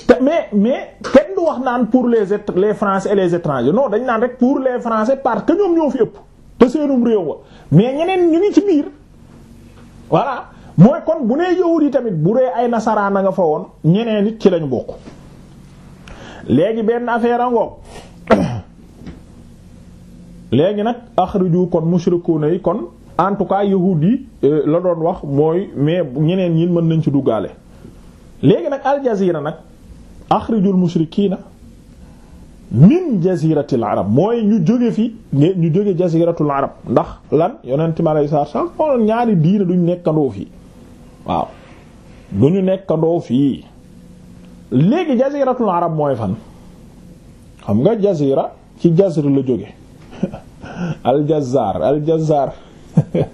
te mais mais kenn wax naan pour les les Français et les étrangers non dañ naan rek pour les Français parce que ñoom ñoo fi ëpp te seenum réew wa mais ñeneen ñu ci biir voilà mooy kon bu nee yahud yi tamit bu dee ay nasaraan a nga fa woon ñeneen it ci lañu bokk léegi benn affaire a léegi nag axriju kon mushrikuuna yi kon en tout cas yahud yi euh, la doon wax mooy mais bu ñeneen ñi mën nañ ci duggaale léegi nag al jazira nag axrijul mushrikiina min jaziratil arab mooy ñu jóge fi ñu jóge jaziratul arab ndax lan yonent mi alayhi salaatu ñaari diina duñ nekkandoo fii waaw lu ñu nekk ndoo fii léegi jaziratul arab mooy fan xam nga jazira ci jazr la jóge aljazaar aljazaar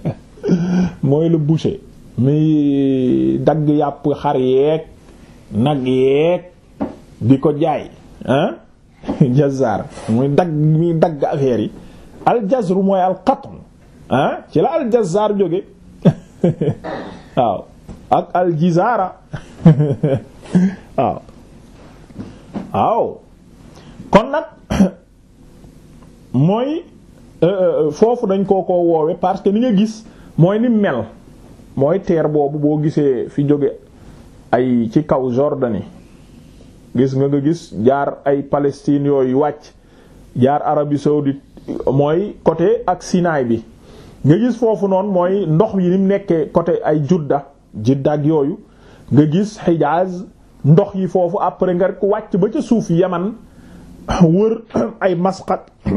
mooy le boucher muy dagg yàpp xar yeeg nag yeeg di ko jaay ah jazaar muy dagg muy dagg affaire yi aljazru mooy alqatl ah ci la aljazaar jóge waaw ak aljizaara waaw waaw kon nag mooy euh, euh, foofu dañ koo ko woowe parce que ni nga gis mooy ni mel mooy terre boobu boo gisee fi jóge ay ci kaw Jordanie gis nga nga gis jaar ay Palestine yooyu wàcc jaar Arabie saoudite mooy côté ak Sinaay bi nga gis foofu noonu mooy ndox yi ni mu nekkee côté ay Judda Jidda dagg yooyu nga gis Hijaaz ndox yi foofu après nga rek wàcc ba ca suuf Yaman wër ay Masqat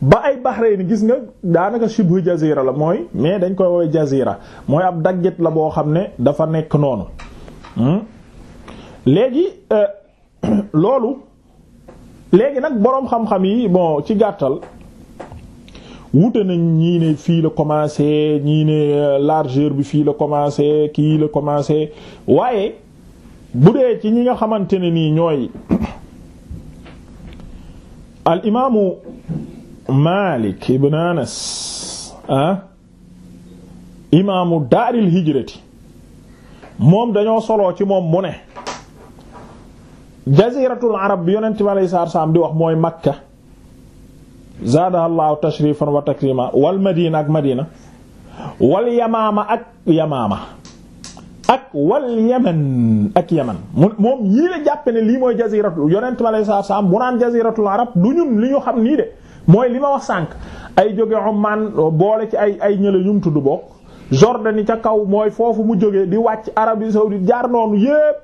ba ay Bahrain gis nga daanaka shibhu jazira la mooy mais dañ koy woowee jazira mooy ab dagget la boo xam ne dafa nekk noonu hmm? léegi euh, loolu léegi nag boroom xam-xam yi bon ci gàttal wute nañ ñii ne fii la commencé ñii ne euh, largeur bi fii la commencé kii la commencé waaye bu dee ci ñi nga xamante ne nii ñooy al imaamu Malik ibn Anas ah imaamu daaril hijrati moom dañoo soloo ci moom mu ne jaziratul arab bi yonent bi alayhi salaam di wax mooy Makka zaadaha llaahu tashrifan wa takrima wal madina ak madina wal yamaama ak yamaama ak wal yaman ak yaman moom yii la lii mooy jaziratul yonent mi alayhi salaatu saam bu naan jaziratul arab du ñun li ñu xam nii de mooy li ma wax sànq ay jóge Oman boole ci ay ay ñële yum tudd bokk Jordanie ca kaw mooy foofu mu jóge di wàcc Arabie saoudite jaar noonu yépp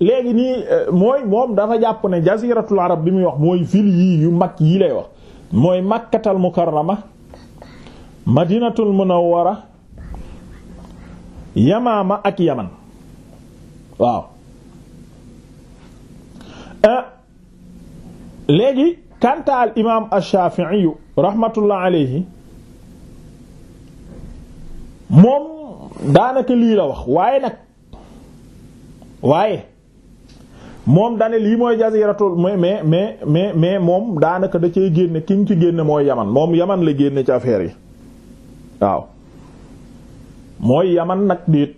léegi nii euh, mooy moom dafa jàpp ne jaziratul arab bi muy wax mooy ville yii yu mag yii lay wax mooy makkatal mukarrama madinatul munawwara yamaama ak yaman waaw eh, léegi kanta al imaam ash-Shafi'i rahmatullah alayhi moom daanaka lii wax waaye nag waaye moom dane lii mooy jaziratul mais mais mais mais mais moom daanaka da cee génne ki ñu ci génne mooy yaman moom yaman la génne ci affaire yi waaw mooy yaman nag déet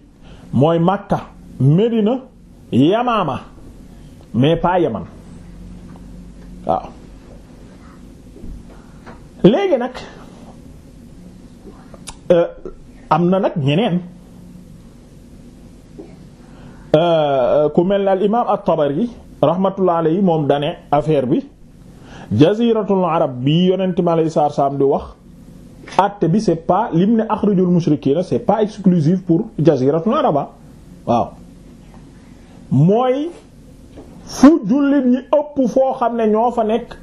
mooy màkka Medina Yamaama mais pas yaman waaw léegi nag euh, am na nag ñeneen euh, ku mel ne al imaam at-Tabari rahmatullah alayhi moom dane affaire bi jaziratul arab bi yonent mi alayhi salaatu salaam di wax acte bi c'est pas lim ne akhrijul mushrikiina c'est pas exclusif pour jaziratul arab waaw mooy fu jullit ñi ëpp foo xam ne ñoo fa nekk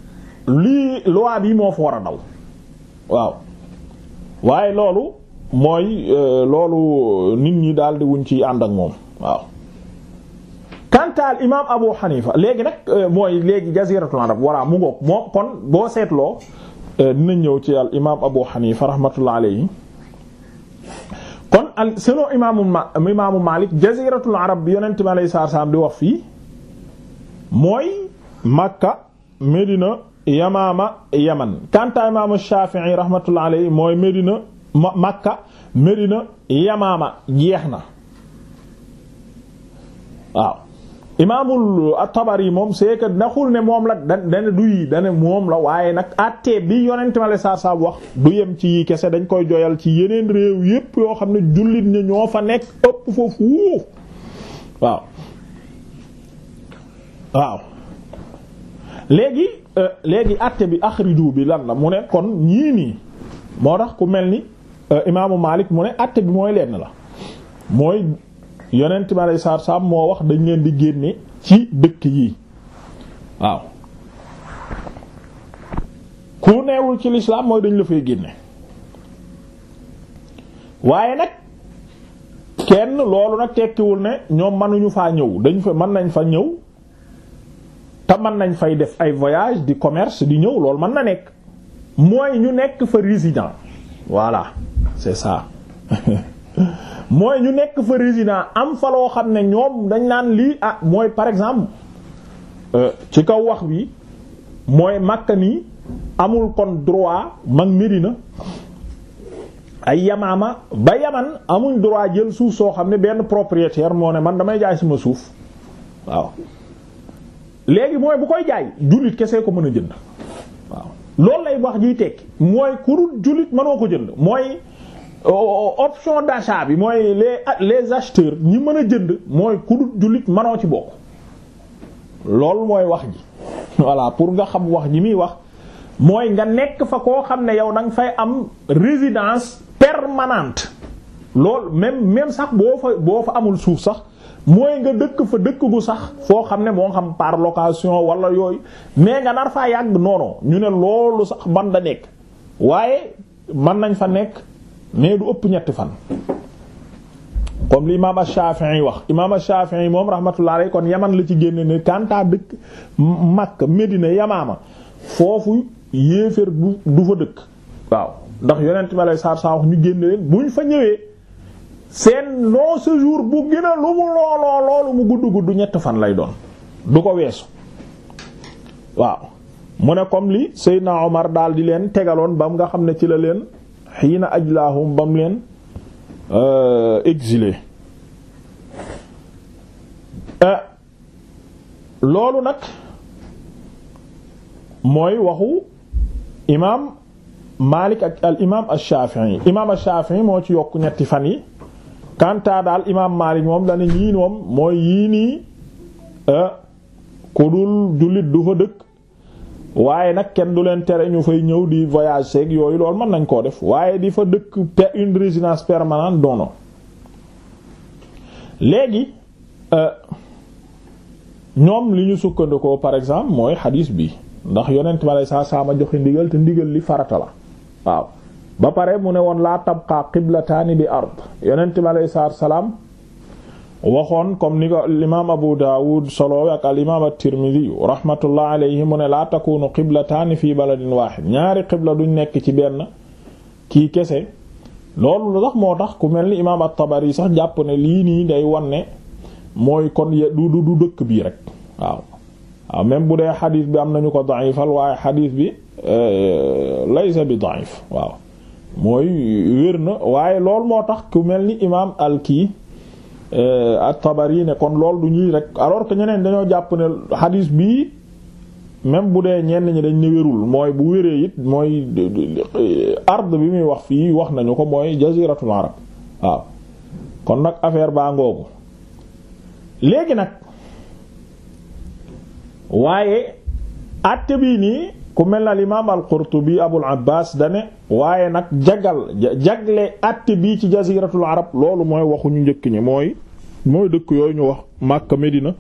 lii loi yi moo fa war a daw waaw waaye loolu mooy euh, loolu nit ñi daal di wuñ ci ànd ak moom waaw kantaal imaam Abu Hanifa léegi nag euh, mooy léegi jaziratul arab walla mu ngoog moom kon boo seetloo euh, dina ñëw ci al imaam Abu Hanifa rahmatullah alayhi kon al selon imaamu ma imaamu Malik jaziratul arab bi yonent mi alayhi salaam di wax fii mooy Makka Medina Yamaama Yaman kantaal imaamu Shafi'i rahmatullah alayhi mooy Medina Makka Medina Yamaama jeex na waaw. imaamul at-Tabari moom c'est que ne moom la da dane duy dane moom la waaye nag attee bi yonent ma la saa saa wax du yem ci yi kese dañ koy joyal ci yeneen réew yépp yoo xam ne jullit ñi ñoo fa nekk ëpp foofu wuuf waaw waaw léegi euh, léegi atte bi axriju bi lan la mu ne kon ñii nii moo tax ku mel ni euh, imaamu Maalik mu ne atte bi mooy lenn la mooy yonent ma lay saar saam moo wax dañ leen di génne ci dëkk yi waaw ku neewul ci lislaam mooy dañ la fay génne waaye nag kenn loolu nag tekkiwul ne ñoom mënuñu faa ñëw dañ fa mën nañ fa ñëw te mën nañ fay def ay voyage di commerce di ñëw loolu mën na nekk mooy ñu nekk fa résident voilà c'est ça mooy ñu nekk fa résident am fa loo xam ne ñoom dañ naan lii ah mooy par exemple euh, ci kaw wax wi mooy Makka ni amul kon droit mag Medina ay Yamaama ba Yaman amuñ droit jël suuf soo xam ne benn propriétaire moo ne man damay jaay suma suuf waaw léegi mooy bu koy jaay jullit kese ko mën a jënd waaw loolu lay wax jiy tekki mooy ku dul jullit mënoo ko jënd mooy. option d'achat bi mooy les les acheteurs ñi mën a jënd mooy ku dul jullit manoo ci bokk loolu mooy wax ji voilà pour nga xam wax ji muy wax mooy nga nekk fa koo xam ne yow na nga fay am résidence permanente loolu même même sax boo fa boo fa amul suuf sax mooy nga dëkk fa dëkk gu sax foo xam ne moo xam par location wala yooyu mais nga nar faa yàgg noono ñu ne loolu sax man da nekk waaye mën nañ fa nekk mais du ëpp ñett fan comme li imaam Shafi'i wax imaam yi moom rahmatullah alayhi kon yaman la ci génne ne kanta dëkk Makka Medina Yamaama foofu yéeféer du du fa dëkk waaw ndax yonent ma lay saar saa wax ñu génne leen bu ñu fa ñëwee seen long séjour bu gën lu mu looloo loolu mu gudd gudd ñett fan lay doon du ko weesu waaw mu ne comme li Seydina Omar daal di leen tegaloon ba nga xam ne ci la leen xiina ajlaahum ba leen euh, exilé euh, loolu nag mooy waxu imaam Malik al imaam Ash-Shafi'i imaam Ash-Shafi'i moo ci yokk ñetti fan yi kanta daal imaam Malik moom dana ñii moom mooy yii euh, ku dul jullit du fa dëkk waaye nag kenn du leen tere ñu fay ñëw di voyage seeg yooyu lool mën nañ koo def waaye di fa dëkk une résidence permanente doono non léegi euh, ñoom li ñu sukkandikoo par exemple mooy xadiis bi ndax yonent ma lay saa saa ma joxe ndigal te ndigal li farata la waaw ba pare mu ne woon laa tabqaa qiblataani bi ard yonent ma lay saa salaam. waxoon comme ni ko imaam Abu Dawud soloowe ak al imaam at-Tirmidhi rahmatullah alayhi mu ne laa takunu qiblataani fii baladin waahid ñaari qibla duñ nekk ci benn kii kese loolu moo tax ku mel ni imaam at sax jàpp ne lii nii day wanne mooy kon dëkk bii rek waaw même bu dee xadiis bi am nañu ko da'ifal waaye xadiis bi euh, laysa bi da'if waaw waaye loolu moo tax ku mel ni imaam al Euh, at-Tabari ne kon lool du ñii rek alors que ñeneen dañoo jàpp ne xadiis bii même bu dee ñenn ñi dañ ne mooy bu wéree it mooy euh, ard bi muy wax fii wax nañu ko mooy jaziratul arab waaw kon nag affaire baa ngoogu léegi nag waaye àtte bii nii ku mel na al imaam al-Qurtubi Abul Abbaas dane waaye nag jagal jagle àtte bi ci jaziratul arab loolu mooy waxu ñu njëkk ñi mooy mooy dëkk yooyu ñu wax màkk Medina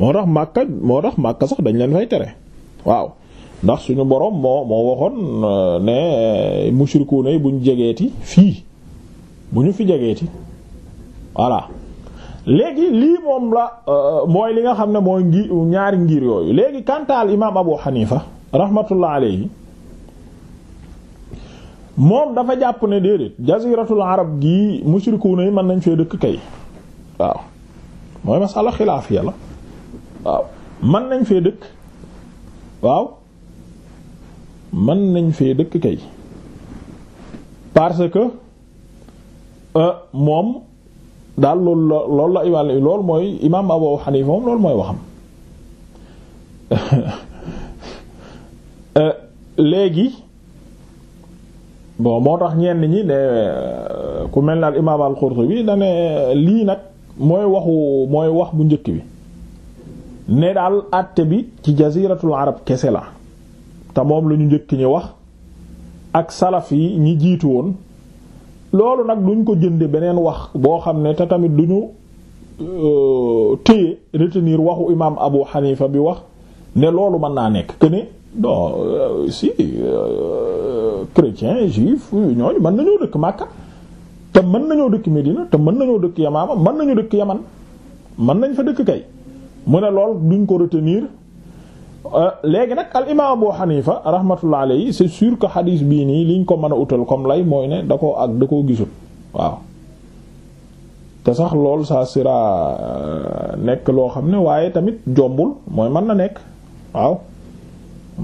moo tax màkk moo tax Makka sax dañ leen fay tere waaw ndax suñu borom moo moo waxoon euh, ne mushrikuuna yi bu ñu jegeeti fii bu ñu fi jegeeti voilà léegi lii moom la euh, mooy li nga xam ne mooy ngi ñaari ngir yooyu léegi kantaal imaam Abu Hanifa rahmatullah yi moom dafa jàpp ne déedéet jaziratul arab gii mushrikuuna yi mën nañ fee dëkk kay waaw mooy masala xilaafiya la waaw mën nañ fee dëkk waaw mën nañ fee dëkk kay parce que euh, moom daal loolu la loolu la imaam loolu mooy imaam Abu Hanifa moom loolu mooy waxam euh, léegi bon moo tax ñenn ñi ne euh, ku mel ne al imaam al-Qurtubi da ne lii nag mooy waxu mooy wax bu njëkk bi ne daal àtte bi ci jaziratul arab kese la te moom la ñu njëkk ñi wax ak salaf yi ñi jiitu woon loolu nag duñ ko jënde beneen wax boo xam ne te tamit ñu euh, téye retenir waxu imaam Abu Hanifa bi wax ne loolu mën naa nekk que non euh, si euh, euh, chrétien juif ñooñu mën nañoo dëkk Makka te mën nañoo dëkk Medina te mën nañoo dëkk Yamaama mën nañu dëkk Yaman mën nañ fa dëkk kay mu ne lool duñ ko retenir léegi nag al imaam Abu Hanifa rahmatullah alayhi c'est sûr que hadith bii nii liñ ko mën a utal comme lay mooy ne da ko ak da koo gisul waaw te sax lool sa sera nekk loo xam ne waaye tamit jombul mooy mën na nekk waaw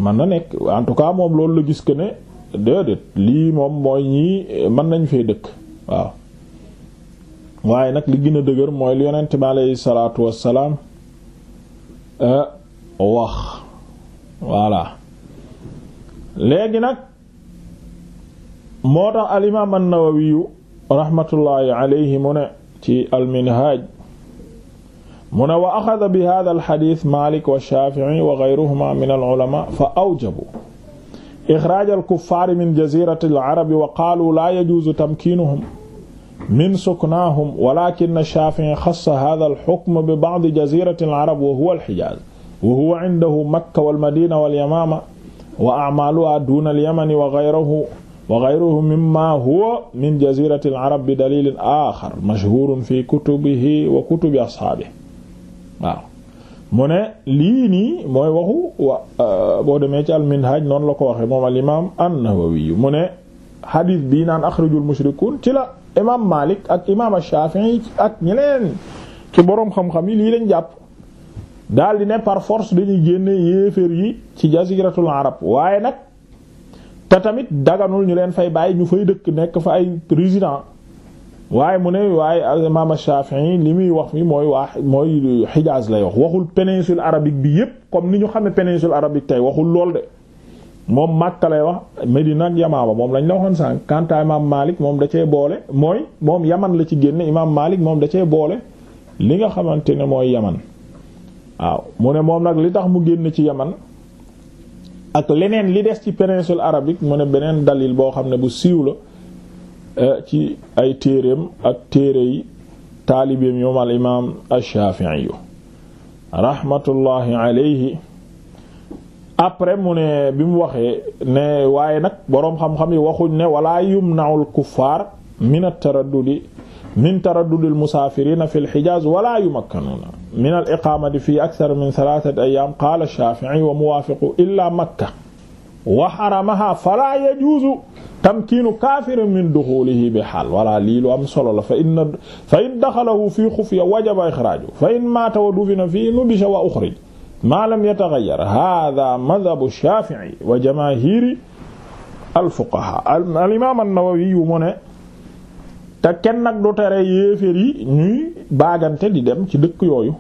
man na nekk en tout cas moom loolu la gis que ne déedéet lii moom mooy ñii mën nañ fee dëkk waaw waaye nag li gën a dëgër mooy li yonent bi aleyhi salaatu wassalaam euh, wax voilà léegi nag moo tax al imaam an-Nawawi rahmatullahi aleyhi ne ci al mu ne wa axada bi hada alxadit malik wa shafii wa geyruhuma min alulama fa awjabu ixraaj alkuffari min jazirati alarabi wa qaalu la yajuuzu tamkiinuhum min suknaahum walakin alshafii xasa hada alxukm bi bacdi jazirati alarab wa huwa alxijaaz wa huwa cindahu makka walmadina walyamaama wa acmaaluha duna alyamani wa geyruhu wa geyruhu mimma huwa min jazirati alarab bi dalilin axar mashhuurun fi kutubihi wa kutubi asxaabihi waaw mu ne lii nii mooy waxu wa euh, boo demee ci alminhaj noonu la ko waxee moom al imam an-Nawawi mu ne xadiis bii naan axrijul mushrikuun ci la imam Maalik ak imam Shaafi'i ak ñeneen ci boroom xam-xam yi lii lañ jàpp daal di ne par force dañuy génne yéeféer yi ci jaziratul arab waaye nag te tamit daganul ñu leen fay bàyyi ñu fay dëkk nekk fa ay président waaye mu ne waaye imaam Shaafi'i li muy wax fi mooy waa mooy Hijaaz lay wax waxul péninsule arabique bi yépp comme ni ñu xamee péninsule arabique tey waxul lool de moom Makka lay wax Medina ak Yamaama moom lañ la waxoon sànq quant imaam Maalik moom da cee boole mooy moom Yaman la ci génne imaam Maalik moom da cee boole li nga xamante ne mooy Yaman waaw mu ne moom nag li tax mu génn ci Yaman ak leneen li des ci péninsule arabique mu ne beneen dalil boo xam ne bu siiw la. Eh, ci ay téereem ak téere yi taalibeem yoom al imaam ash-Shafi'i yu rahmatullahi alayhi après mu ne bi mu waxee ne waaye nag boroom xam-xam yi waxuñ ne wala yumna'ul kuffaar min at-taraddudi min taraddudil musaafiriina fil hijaaz wala yumakkanuuna min al-iqaamati fii akthar min thalathati ayyaam qaala ash-Shafi'i wa muwaafiqu illaa Makka wa haramaha fala yajuuzu tamkiinu kaafirin min duxulihi bi xaal wala lii lu am solo la fa inna fa in daxalahu fii xufya wajaba ixraaju fa in maata wa dufina fii nubisha wa uxrij maa lam yataxayyar haaza madhabu shaafi'i wa jamaahiiri alfuqahaa al imaam an-Nawawi mu ne te kenn nag du tere yéeféer yi ñuy baagante di dem ci dëkk yooyu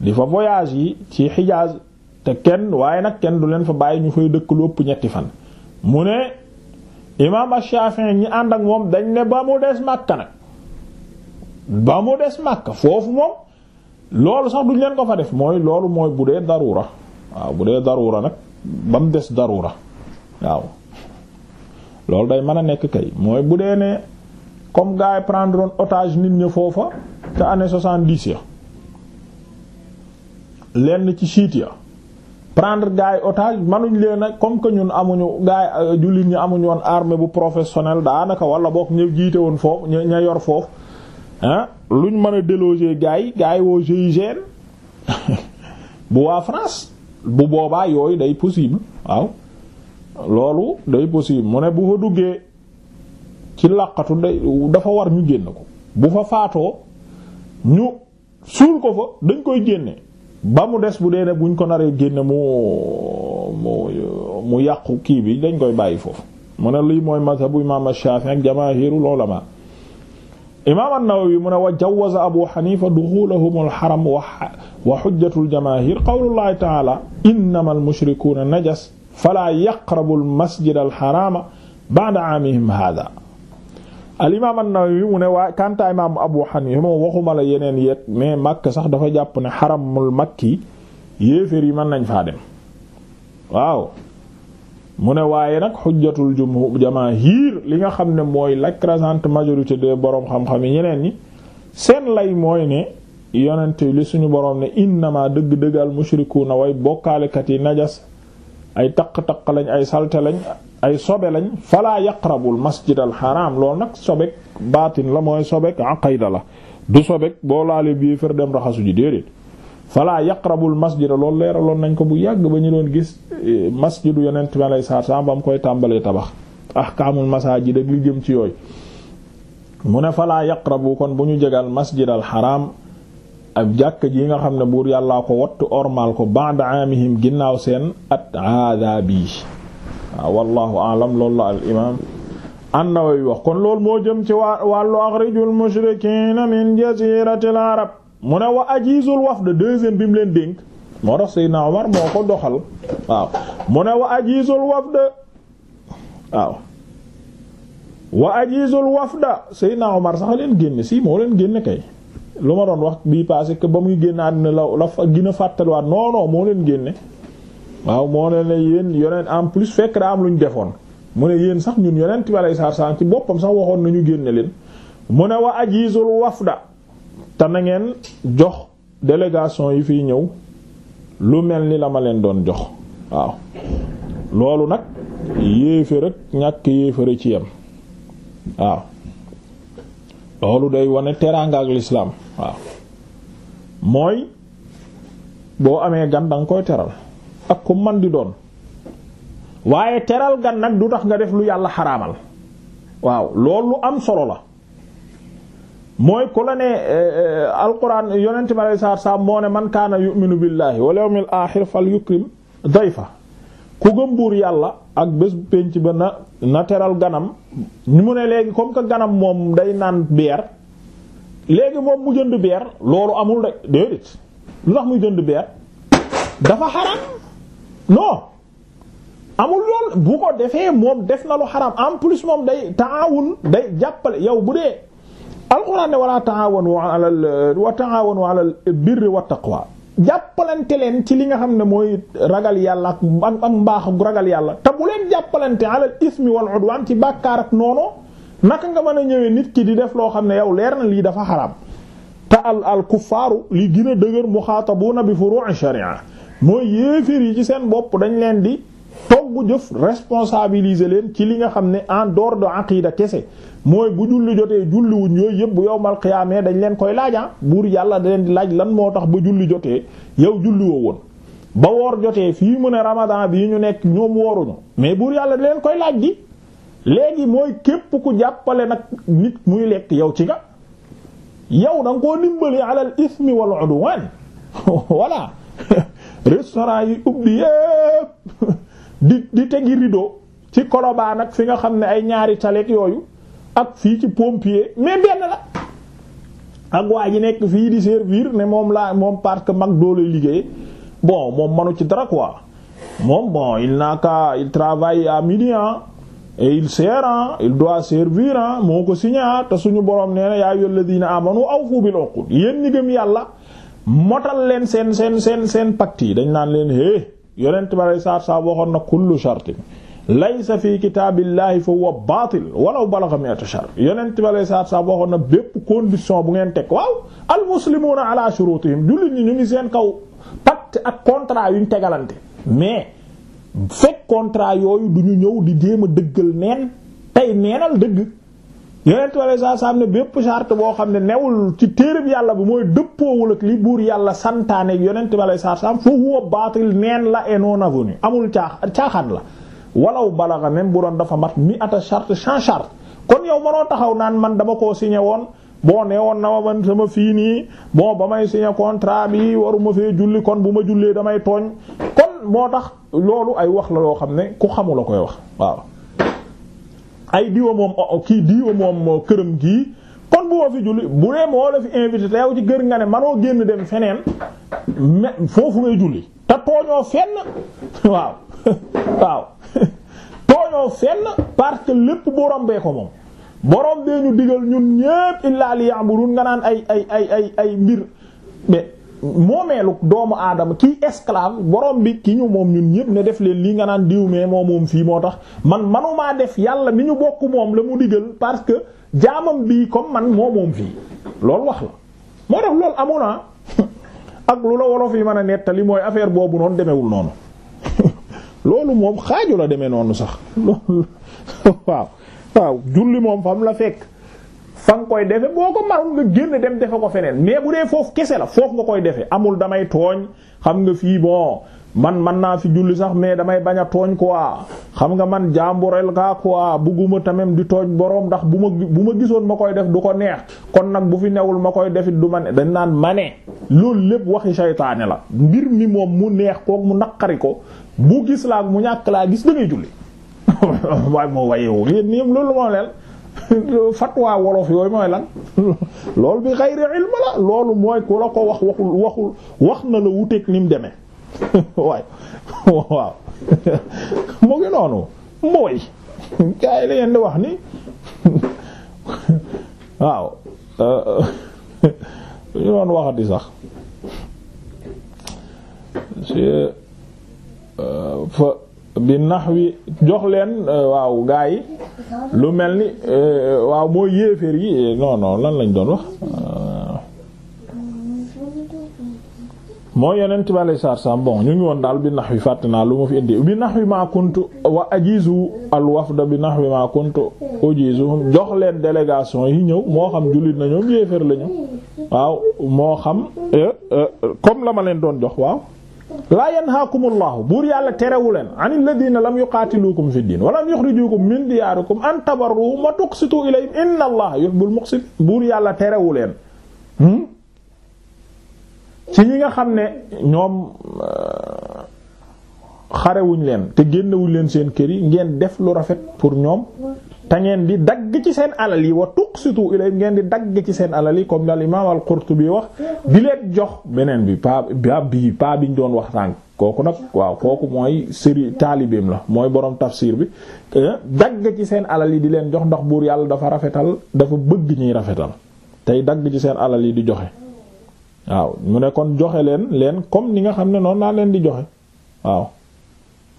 di fa voyage yi ci Hijaaz te kenn waaye nag kenn du leen fa bàyyi ñu fay dëkk lu ëpp ñetti fan mu ne imaam Shafi'i ñi ànd ak moom dañ ne ba mu des Makka nag ba mu des Makka foofu moom loolu sax duñ leen ko fa def mooy loolu mooy bu dee darura waaw bu dee darura nag ba mu des darura waaw loolu day mën a nekk kay mooy bu dee ne comme gars prendre en otage nit ñi foofa ca année soixante-dix ya lenn ci siit ya prendre gars yi otage manuñ leen a comme que ñun amuñu gars yi euh, ñi amuñu woon armée bu professionnel daanaka wala boog ñu jiite woon foofu ña yor foofu ah luñ mën a déloger gars yi gars yi woo GIGN bu waa France bu boobaa yooyu day possible waaw loolu day possible mu ne bu fa duggee ci laqatu day dafa war ñu génn ko bu fa faatoo ñu suul ko fa dañ koy génne ba mu des bu dee ne buñ ko naree génne mu mu mu yàqu kii bi dañ koy bàyyi foofu mu ne lii mooy mazhabu imaam Shaafi'i ak jamaahirul ulamaa imaam an-Nawawi mu ne wa jawwaza Abu Hanifa duxuulahumul haram wa hujjatul jamaahir qawlullahi ta'aala innamal mushrikuuna najas falaa yaqrabul masjidal haraama ba'da 'aamihim haadaa al imaam an mu ne waa kanta imaam Abu Hanifa moom waxuma la yeneen yet mais Makka sax dafa jàpp ne xaramul makki yéeféer yi man nañ faa dem waaw mu ne waaye nag xujjatul jumhur jamaahir li nga xam ne mooy l'écrasante majorité des boroom xam-xam yi yeneen yi seen lay mooy ne yonent li suñu boroom ne innama dëgg-dëggal na way bokkaalekat yi najas ay taq-taq lañ ay salte lañ ay sobe lañ fala yaqrabul masjidal haram loolu nag sobek baatin la mooy sobek aqida la du sobek boo laale bii fër dem raxasu ji déedéet fala yaqrabul masjida loolu leeraloon nañ ko bu yàgg ba ñu doon gis eh, masjidu yonent mi alayhi salaatu salaam ba mu koy tàmbalee tabax ahkaamul masaajid ak li jëm ci yooyu mu ne fala yaqrabu kon bu ñu jegal masjidal haram ak jàkk ji nga xam ne buur yàllaa ko wattu ormal ko ba'da amihim ginnaaw seen at hada bii waaw wallahu alam loolu la al imam wax kon loolu moo jëm ci waa wàllu akhrijul mushrikina min jaziratil arab mu ne wa ajizul wafd deuxième bi mu leen dénk moo tax Seydina Omar moo ko doxal waaw mu ne wa ajizul wafd waaw wa ajizul wafda Seydina Omar sax leen génne si moo leen génne kay lu ma doon wax bii passé que ba muy génn àddina la la gën a fàttaliwaat non moo leen génne waaw moo leen ne yéen yoneen en plus fekk daa am lu ñu defoon mu ne yéen sax ñun yonent bi alayhi salaam ci boppam sax waxoon nañu génne leen mu ne wa ajizul da te na ngeen jox délégation yi fiy ñëw lu mel ni la ma leen doon jox waaw loolu nag yéefe rek ñàkk yéefere ci yem waaw loolu day wane teraanga ak l'islam waaw mooy boo amee gan danga koy teral ak ko man di doon waaye teral gan nag du tax nga def lu yàlla xaraamal waaw loolu am solo la mooy ku la ne eh, eh, alquran yonent bi alayhi salaatu salaam moo ne man kaana yu'minu billahi wal yawmil aaxir fal yukrim fa ku gëm buur yàlla ak bés pénc ba na teral ganam ñu mu ne léegi comme que ganam moom day naan beer léegi moom mu jënd beer loolu amul rek déedéet lu tax muy jënd beer dafa xaram non amul lool bu ko defee moom def na lu xaram en plus moom day taawun day jàppale yow bu dee alxuraan ne wala taawanu alal wa taawanu alal birri wa taqwa jàppalante leen ci li nga xam ne mooy ragal yàlla ak ak ragal yàlla te bu leen jàppalante alal ismi wal ci bàkkaar ak noonu naka nga mën a ñëwee nit ki di def loo xam ne yow leer na lii dafa xaraam te al al kuffaaru li gën a xaata muxaatabuuna bi furu'i sharia mooy yéeféer yi ci seen bopp dañ leen di togg jëf responsabiliser leen ci li nga xam ne en dehors de aqida kese mooy bu julli jotee julliwuñ yooyu yëpp bu yow yowmal qiyaamee dañ leen koy laaja ah, buur yàlla da leen di laaj lan moo tax ba julli jotee yow julliwoo woon ba woor jotee fii mu ne ramadan bi ñu nekk ñoom wooruñu koy laaj di léegi mooy képp ku jàppale nag nit muy lekk yow ci nga yow da nga koo dimbali alal ismi wal udwan voilà restaurant yi ubbi yépp di di tegi rideau ci Colobane nag fi nga xam ne ay ñaari taleeg yooyu ak fii ci pompier mais benn la ak waa ji nekk fii di servir ne moom laa moom parce que mag doole liggéey bon moom manu ci dara quoi moom bon il n'a qu'à il travaille à midi et il sert ah il doit a ah moo ko signé ah te suñu borom nee na yaa ayyuhal ladina amanu awfu bil uqud yéen ñi gëm yàlla motal leen seen seen seen seen pacte yi dañ naan leen hé yonent bi alei saatu salaam waxoon na kullu shartin laysa fi kitaabillahi fa huwa baatil walaw balagha mi'ata shart yonent bi alei saatu salaam waxoon na bépp condition bu ngeen teg waaw al muslimuuna ala shurutihim jullit ñi ñu ngi seen kaw pacte ak contrat ñu tegalante mais fekk contrat yooyu du ñu ñëw di jéem a dëggal neen tey neenal dëgg yeneen tool saa saa am ne bépp charte boo xam ne newul ci téereb yàlla bi mooy dëppoowul ak li buur yàlla santaane yeneen tool saa saa am fa baatil neen la et non avenu amul caax caaxaan la. walaw balaga même bu doon dafa mat mi ata charte sans charte kon yow mënoo taxaw naan man dama koo signé woon. bon nee woon na ma man sama fii nii bon ba may signé contrat bi waruma fee julli kon bu ma jullee damay tooñ loolu ay wax la loo xam ne ku xamula koy wax waaw ay diwa moom kii diwa moom këram kii kon bu ma fi julli bu dee moo la fi invité te yow ci kër nga ne manoo génn dem feneen foofu ngay julli te tooñoo fenn waaw waaw tooñoo fenn parce que lépp borom bee ko moom borom bee ñu digal ñun ñépp illaa li ya'burun nga naan ay ay ay mbir moomeelu doomu aadama kiy esclave borom bi ki ñu moom ñun ñëpp ne def leen lii nga naan diw mais moo moom fii moo tax man manumaa def yàlla ni ñu bokk moom la mu digal parce que jaamam bii comme man moo moom fii loolu wax la moo tax loolu amoon ah. ak lu la wolof yi mën a nettali mooy affaire boobu noonu demewul noonu loolu moom xaaju la demee noonu sax waaw waaw julli moom fam la fekk fa nga koy defe boo ko marul nga génn dem defe ko feneen mais bu dee foofu kese la foofu nga koy defe amul damay tooñ xam nga fii bon man man naa fi julli sax mais damay bañ a tooñ ko xam nga man jàmburel kaa quoi bugguma tamit di tooñ borom ndax bu ma bu ma gisoon ma koy def du ko neex kon nag bu fi newul ma koy defit du ma ne dañ naan ma ne loolu lépp waxi saytaane la mbir mi moom mu neex kook mu naqari ko bu gis laa mu ñàkk laa gis da ngay julli waaye moo wayewu yéen ñëpp loolu moo leen fatwa wolof yooyu mooy lan loolu bi xayri ilm la loolu mooy ku la ko wax waxul waxul wax na la wuteeg ni mu demee waay waaw mu ngi noonu mooy gaa la ngeen wax ni waaw ñu doon waxati sax euh, fa bi nax wi jox leen euh, waaw gaa yi lu mel ni euh, waaw mooy yéeféer yi euh, non non lan lañ doon wax mooy yonent bi alay saar saam ñu ngi woon daal bi nax wi fàtte naa lu ma fi indi bi nax wi maa kuntu wa ajizu al wafda bi nax wi maa kuntu ajizu jox leen délégation yi ñëw moo xam jullit na ñoom yéeféer lañu waaw moo xam comme la ma leen doon jox waaw laa yanhaakumullahu buur yàlla terewu leen anil ladina lam yuqaatilukum fi diin wa lam yuxrijukum min diyaarikum an tabarruhum wa tuqsitu ilayhim inna allaha yuhibbul muqsitin buur yàlla terewu leen hmm? ci ñi nga xam ne ñoom euh, xarewuñ leen te génnewuñ leen seen kër yi ngeen def lu rafet pour ñoom te ngeen di dagg ci seen alal yi wa tuqsitu ilay ngeen di dagg ci seen alal yi comme daal imaam al-Qurtubi wax di leen jox beneen bi pa bi pa biñ doon wax sànq kooku nag waaw kooku mooy sëri taalibeem la mooy borom tafsir bi eh, dagg ci seen alal yi di leen jox ndax buur yàlla dafa rafetal dafa bëgg ñuy rafetal tey dagg ci seen alal yi di joxe waaw mu ne kon joxe leen leen comme ni nga xam ne noonu laa leen di joxe waaw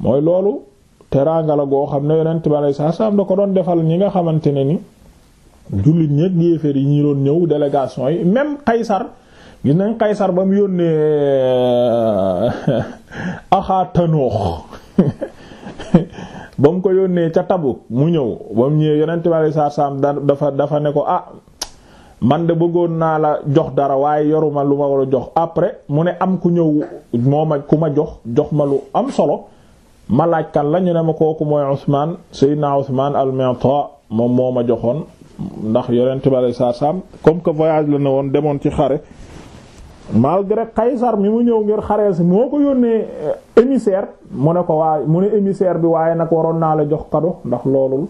mooy loolu teraanga la goo xam ne yonent bi alayhi da ko doon defal ñi nga xamante ne ni jullit ñeeg yéeféer yi ñu doon ñëw délégation yi même Qaysar gis nañ Qaysar ba mu yónnee euh, Axaatanoox ba mu ko yónnee ca Tabuk mu ñëw ba mu ñëwee yonent bi alayhi dafa dafa ne ko ah man de bëggoon naa la jox dara waaye yoruma lu ma war a jox après mu ne am ku ñëw moo ma ku ma jox jox ma lu am solo. ma laaj kan la ñu ne ma kooku mooy Ousmane Seydina Ousmane al moom moo ma joxoon ndax yonent bi alayhi salaatu salaam comme que voyage la ne woon demoon ci xare malgré Kaysar mi mu ñëw ngir xaree si moo ko yónnee eh, émissaire mu ne ko waaye mu ne émissaire bi waaye nag waroon naa la jox kado ndax loolul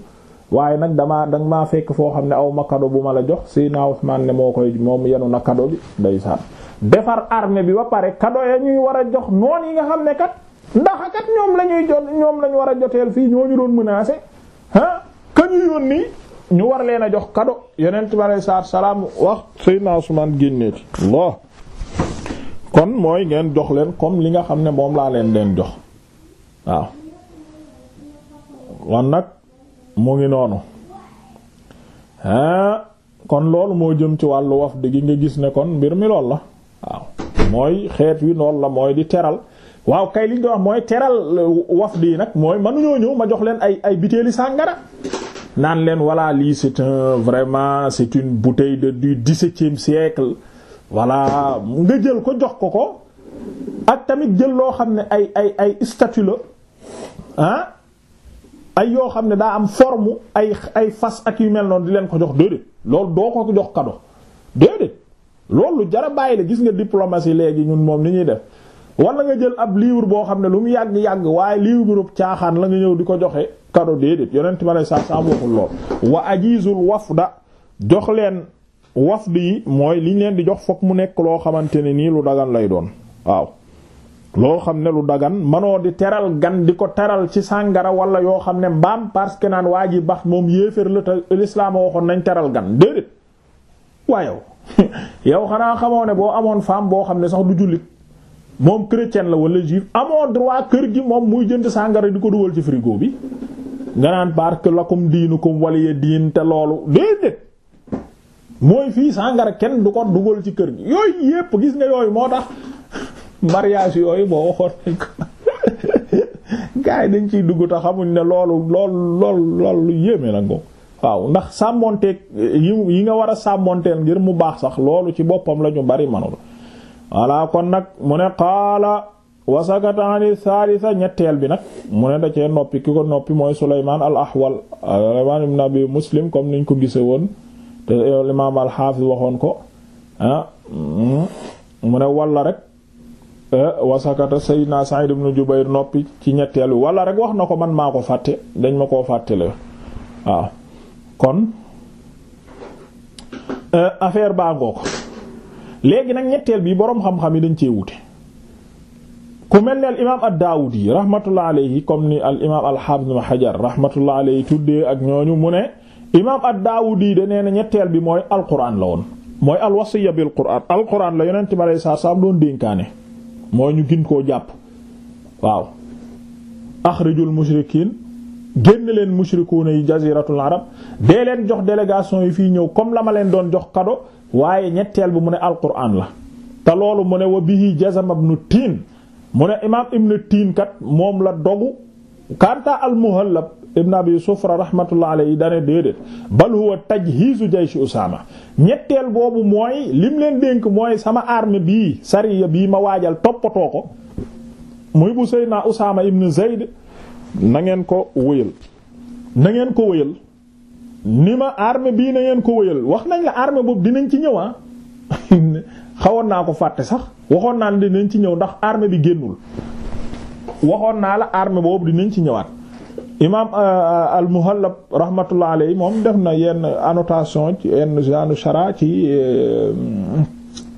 waaye nag damaa danga maa fekk foo xam ne aw ma kado bu ma la jox Seydina Ousmane ne moo koy moom yenu na kado bi ndeysaan defar armée bi ba pare kado ya ñuy war ndax kat ñoom la jot ñoom lañ war a joteel fii ñoo ñu doon menacer ah ka ñu yónni ñu war leen a jox kado yonent bi alayhi salaatu salaam wax Seydina Usmaan génneeti Allah kon mooy ngeen jox leen comme li nga xam ne moom laa leen leen jox waaw kon nag mu ngi noonu ah kon loolu moo jëm ci wàllu waf dëgg nga gis ne kon mbir mi lool la waaw mooy xeet wi lool la mooy di teral waaw kay liñ doon wax mooy teral euh, waf di nag mooy mënuñoo ñëw ma jox leen ay ay butéeli sàngara naan leen voilà lii c'est un vraiment c'est une bouteille de du dix-septième siècle voilà nga jël ko jox ko ko ak tamit jël loo xam ne ay ay ay statue la ah. ay yoo xam ne daa am formu ay ay fas ak yu mel noonu di leen ko jox déedéet loolu doo ko jox kado déedéet loolu jara bàyyi la gis nga diplomatie léegi ñun moom ni ñuy def wala nga jël ab livre boo xam ne lu mu yàgg yàgg waaye livre bu caaxaan la nga ñëw di ko joxe kado déedéet yonent ma lay saa saa waxul lool wa ajizul da jox leen wafd yi mooy liñ leen di jox fokk mu nekk loo xamante ne nii lu dagan lay doon waaw loo xam ne lu dagan manoo di teral gan di ko teral ci sàngara wala yoo xam ne mbaam parce que naan waa ji bax moom yéeféer la te l'islam waxoon nañ teral gan déedéet waaye yow xanaa xamoo ne boo amoon femme boo xam ne sax du jullit moom chrétien la wala juif amoo droit kër gi moom muy jënd sàngara di ko dugal ci frigo bi nga naan parce que lakum diinukum waliya diin te loolu déedéet mooy fii sàngara kenn du ko dugal ci kër gi yooyu yépp gis nga yooyu moo tax mariage yooyu boo waxoon nañ ko dañ ciy dugg te xamuñ ne loolu lool lool loolu yéeme la ngo waaw ndax sàmmonteeg yi yi nga war a sàmmonteel ngir mu baax sax loolu ci boppam la ñu bari manula voilà kon nag mu ne qaala wasakata ani thalitha ñetteel bi nag mu ne da cee noppi ki ko noppi mooy Sulaymaan al Ahwal Sulaymaan ibn Muslim comme niñ ko gise woon te imaam al Haafiz waxoon ko ah mu ne walla rek eh, wasakata na Sa'id ibn Jubayr noppi ci ñetteel bi walla rek wax na ko man maa ko fàtte dañ ma koo fàttale waaw kon eh, affaire baa ngoo ko léegi nag ñetteel bi boroom xam-xam yi dañ cee wute ku mel ne al imaam ad-Daawudi rahmatullah alayhi comme ni al imaam al-Haafiz ibn Hajar rahmatullah alayhi tuddee ak ñooñu mu ne imaam ad-Daawudi de nee na ñetteel bi mooy alquran la woon mooy alwasiya bil quran alquran la yonent bi alayhi salaam doon dénkaane mooy ñu gin koo jàpp waaw axrijul mushrikiin génn leen mushrikuuna yi jaziratul arab dee leen jox délégation yi fii ñëw comme la ma leen doon jox kado waaye ñetteel bi mu ne alquran la te loolu mu ne wa bihi jazam ibnu tiin mu ne imaam ibnu tiin kat moom la dogu kanta al muhallab ibn abi sufra rahmatullah alayhi dane déedéet bal huwa tajhiizu jayshi usaama ñetteel boobu mooy lim leen dénk mooy sama arme bi sariya bii ma waajal toppatoo ko muy bu seyna usaama ibn zayd na ngeen ko wëyal na ngeen ko wëyal ni ma arme bii na ngeen ko wëyal wax nañ la arme boobu dinañ ci ñëwaa ah. xawoon naa ko fàtte sax waxoon naa ne dinañ ci ñëw ndax armee bi génnul waxoon naa la arme boobu dinañ ci ñëwaat imaam euh, euh, al muhallab rahmatullah alayhi moom def na yenn annotation ci yenn genre chara ci euh,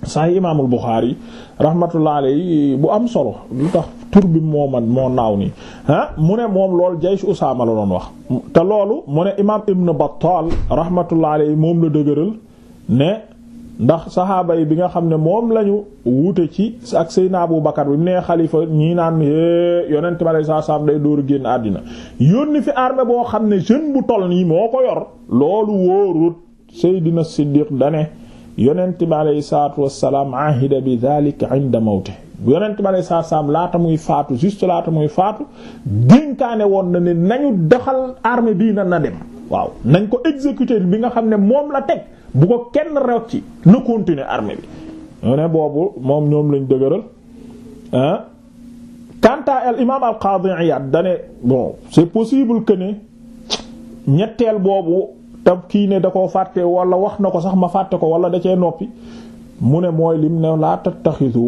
sahih imaamul buxaari rahmatullah alayhi bu am solo lu tax tur bi moo man moo naaw nii ah mu ne moom loolu jaysh Usaama la doon wax te loolu mu ne imaam Ibn Battal rahmatullah moom la dëgëral ne ndax saxaaba yi bi nga xam ne moom lañu wuute ci ak Seydina Abu Bakar bi mu nee xalifa ñii naan yonent ma lay saa saam day dóoru génn àddina yónni fi armée boo xam ne jeune bu toll nii moo ko yor loolu wóorut Seydina Siddiq dane yonent ma lay salaatu wassalaam ahida bi dhalika inda mawte yonent ba ne saa saam laata muy faatu juste laata muy faatu dénkaane woon na ne nañu doxal armée bii na na dem waaw nañ ko exécuter bi nga xam ne moom la teg bu ko kenn rew ci nu continuer armée bi ñoo ne boobu moom ñoom lañ dëgëral ah quant à al imam al qadi Iyad dane bon c'est possible que ne ñetteel boobu tab kii ne da koo fàtte wala wax na ko sax ma fàtte ko wala da cee noppi mu ne mooy lim ne laa tattaxisu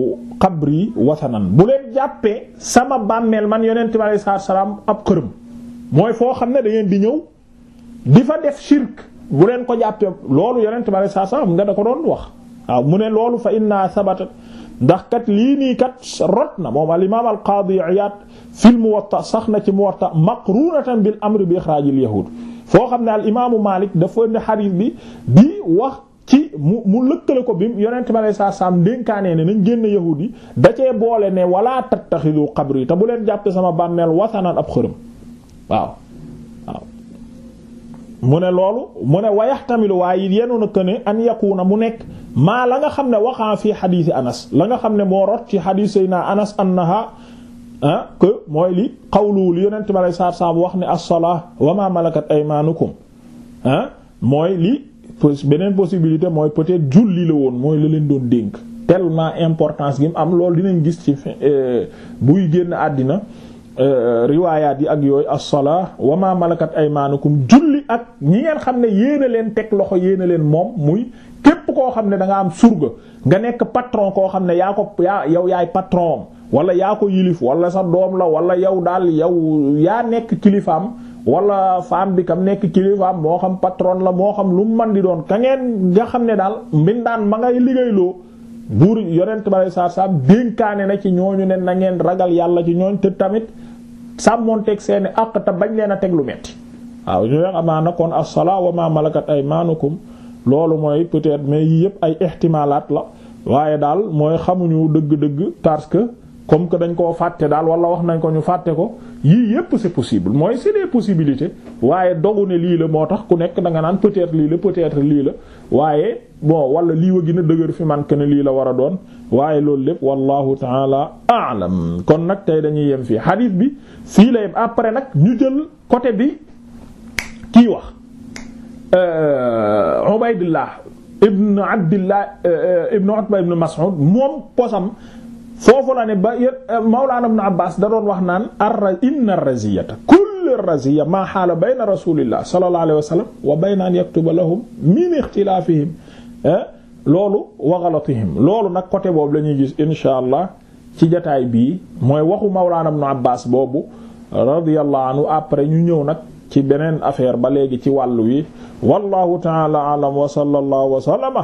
xabri wasanan bu leen jàppee sama bàmmeel man yonent bi alei salaatu salaam ab xërëm mooy foo xam ne da di ñëw di fa def shirk bu leen ko jàppee loolu yonent bi alei salaatu salaam nga da ko doon wax waaw mu ne loolu fa inna sabata ndax kat lii nii kat rot na moom al imaam al qaadi Iyaad fil sax na ci Muwatta maqruunatan bil amri bi ixraajil yahuud foo xam ne al Maalik dafa indi xadiis bi di wax. ci mu mu lëkkale ko bi yonent ba lay saa saam dénkaanee nañ génn yahuud yi da cee boole ne wala tattaxidu qabri te mu leen jàppee sama bàmmeel wasanaan ab xërëm waaw waaw mu ne loolu mu ne wayaxtamilu waaye yenu na ko ne an yakuna mu nekk maa la nga xam ne waxaa fii xadiisi anas la nga xam ne moo rot ci xadiis anas annaha ah que mooy li xawlu li yonent ba lay saa saam wax ne as-salaa wa ma malakat aymaanukum ah mooy li beneen possibilité mooy peut-être julli la woon mooy la leen doon dénk tellement importance gi mu am loolu dinañ gis ci euh, buy génn àddina euh, riwaayaat yi ak yooyu as-salaa wa ma malakat aymaanukum julli ak ñi ngeen xam ne yéen leen teg loxo yéen leen moom muy képp koo xam ne danga am surga nga nekk patron koo xam ne yaa ko yaa yow yaay patron wala yaa ko yilif wala sa doom la wala yow daal yow yaa nekk kilifaam wala femme bi kam nekk kilifaam moo xam patron la moo xam lu man di doon ka ngeen nga xam ne daal mbindaan ma ngay liggéeyloo buur yonent ba lay saar saam dénkaane na ci ñooñu ne nangeen ngeen ragal yàlla ci ñooñ te tamit teg seeni àq te bañ leen a teg lu metti waaw ñu weex amaana kon as-salaa wa ma malakat aymanukum loolu mooy peut-être mais yii yëpp ay ihtimalaat la waaye daal mooy xamuñu dëgg-dëgg parce que comme que dañ koo fàtte daal wala wax nañ ko ñu fàtte ko yii yépp si possible mooy c'est des possibilités waaye dogu ne lii la moo tax ku nekk nanga naan peut-être lii la peut lii la waaye bon wala lii wa gën dëgër fi man que ne lii la war a doon waaye loolu lépp wallahu taala aalam kon nag tey dañuy yem fii hadith bi fii la yem après nag ñu jël côté bi kii wax euh, Ubaydullah ibn Abdillah euh, euh, ibn Utba ibn Mas'ud moom posam foofu la ne ba eh, Mawlana Ibn Abbas da doon wax naan ar inna raziyata kullu raziya maa xaala bayna rasulillah sallallahu alayhi wa sallam wa bayna an yaktuba lahum min ixtilaafihim eh, loolu wa galatihim loolu nag côté boobu la ñuy gis insha allah ci jataay bii mooy waxu Mawlana Ibn Abbas boobu radiyallahu anhu après ñu ñëw nag ci beneen affaire ba léegi ci wàllu wi wallahu ta'ala a'lam wa sallallahu wa sallama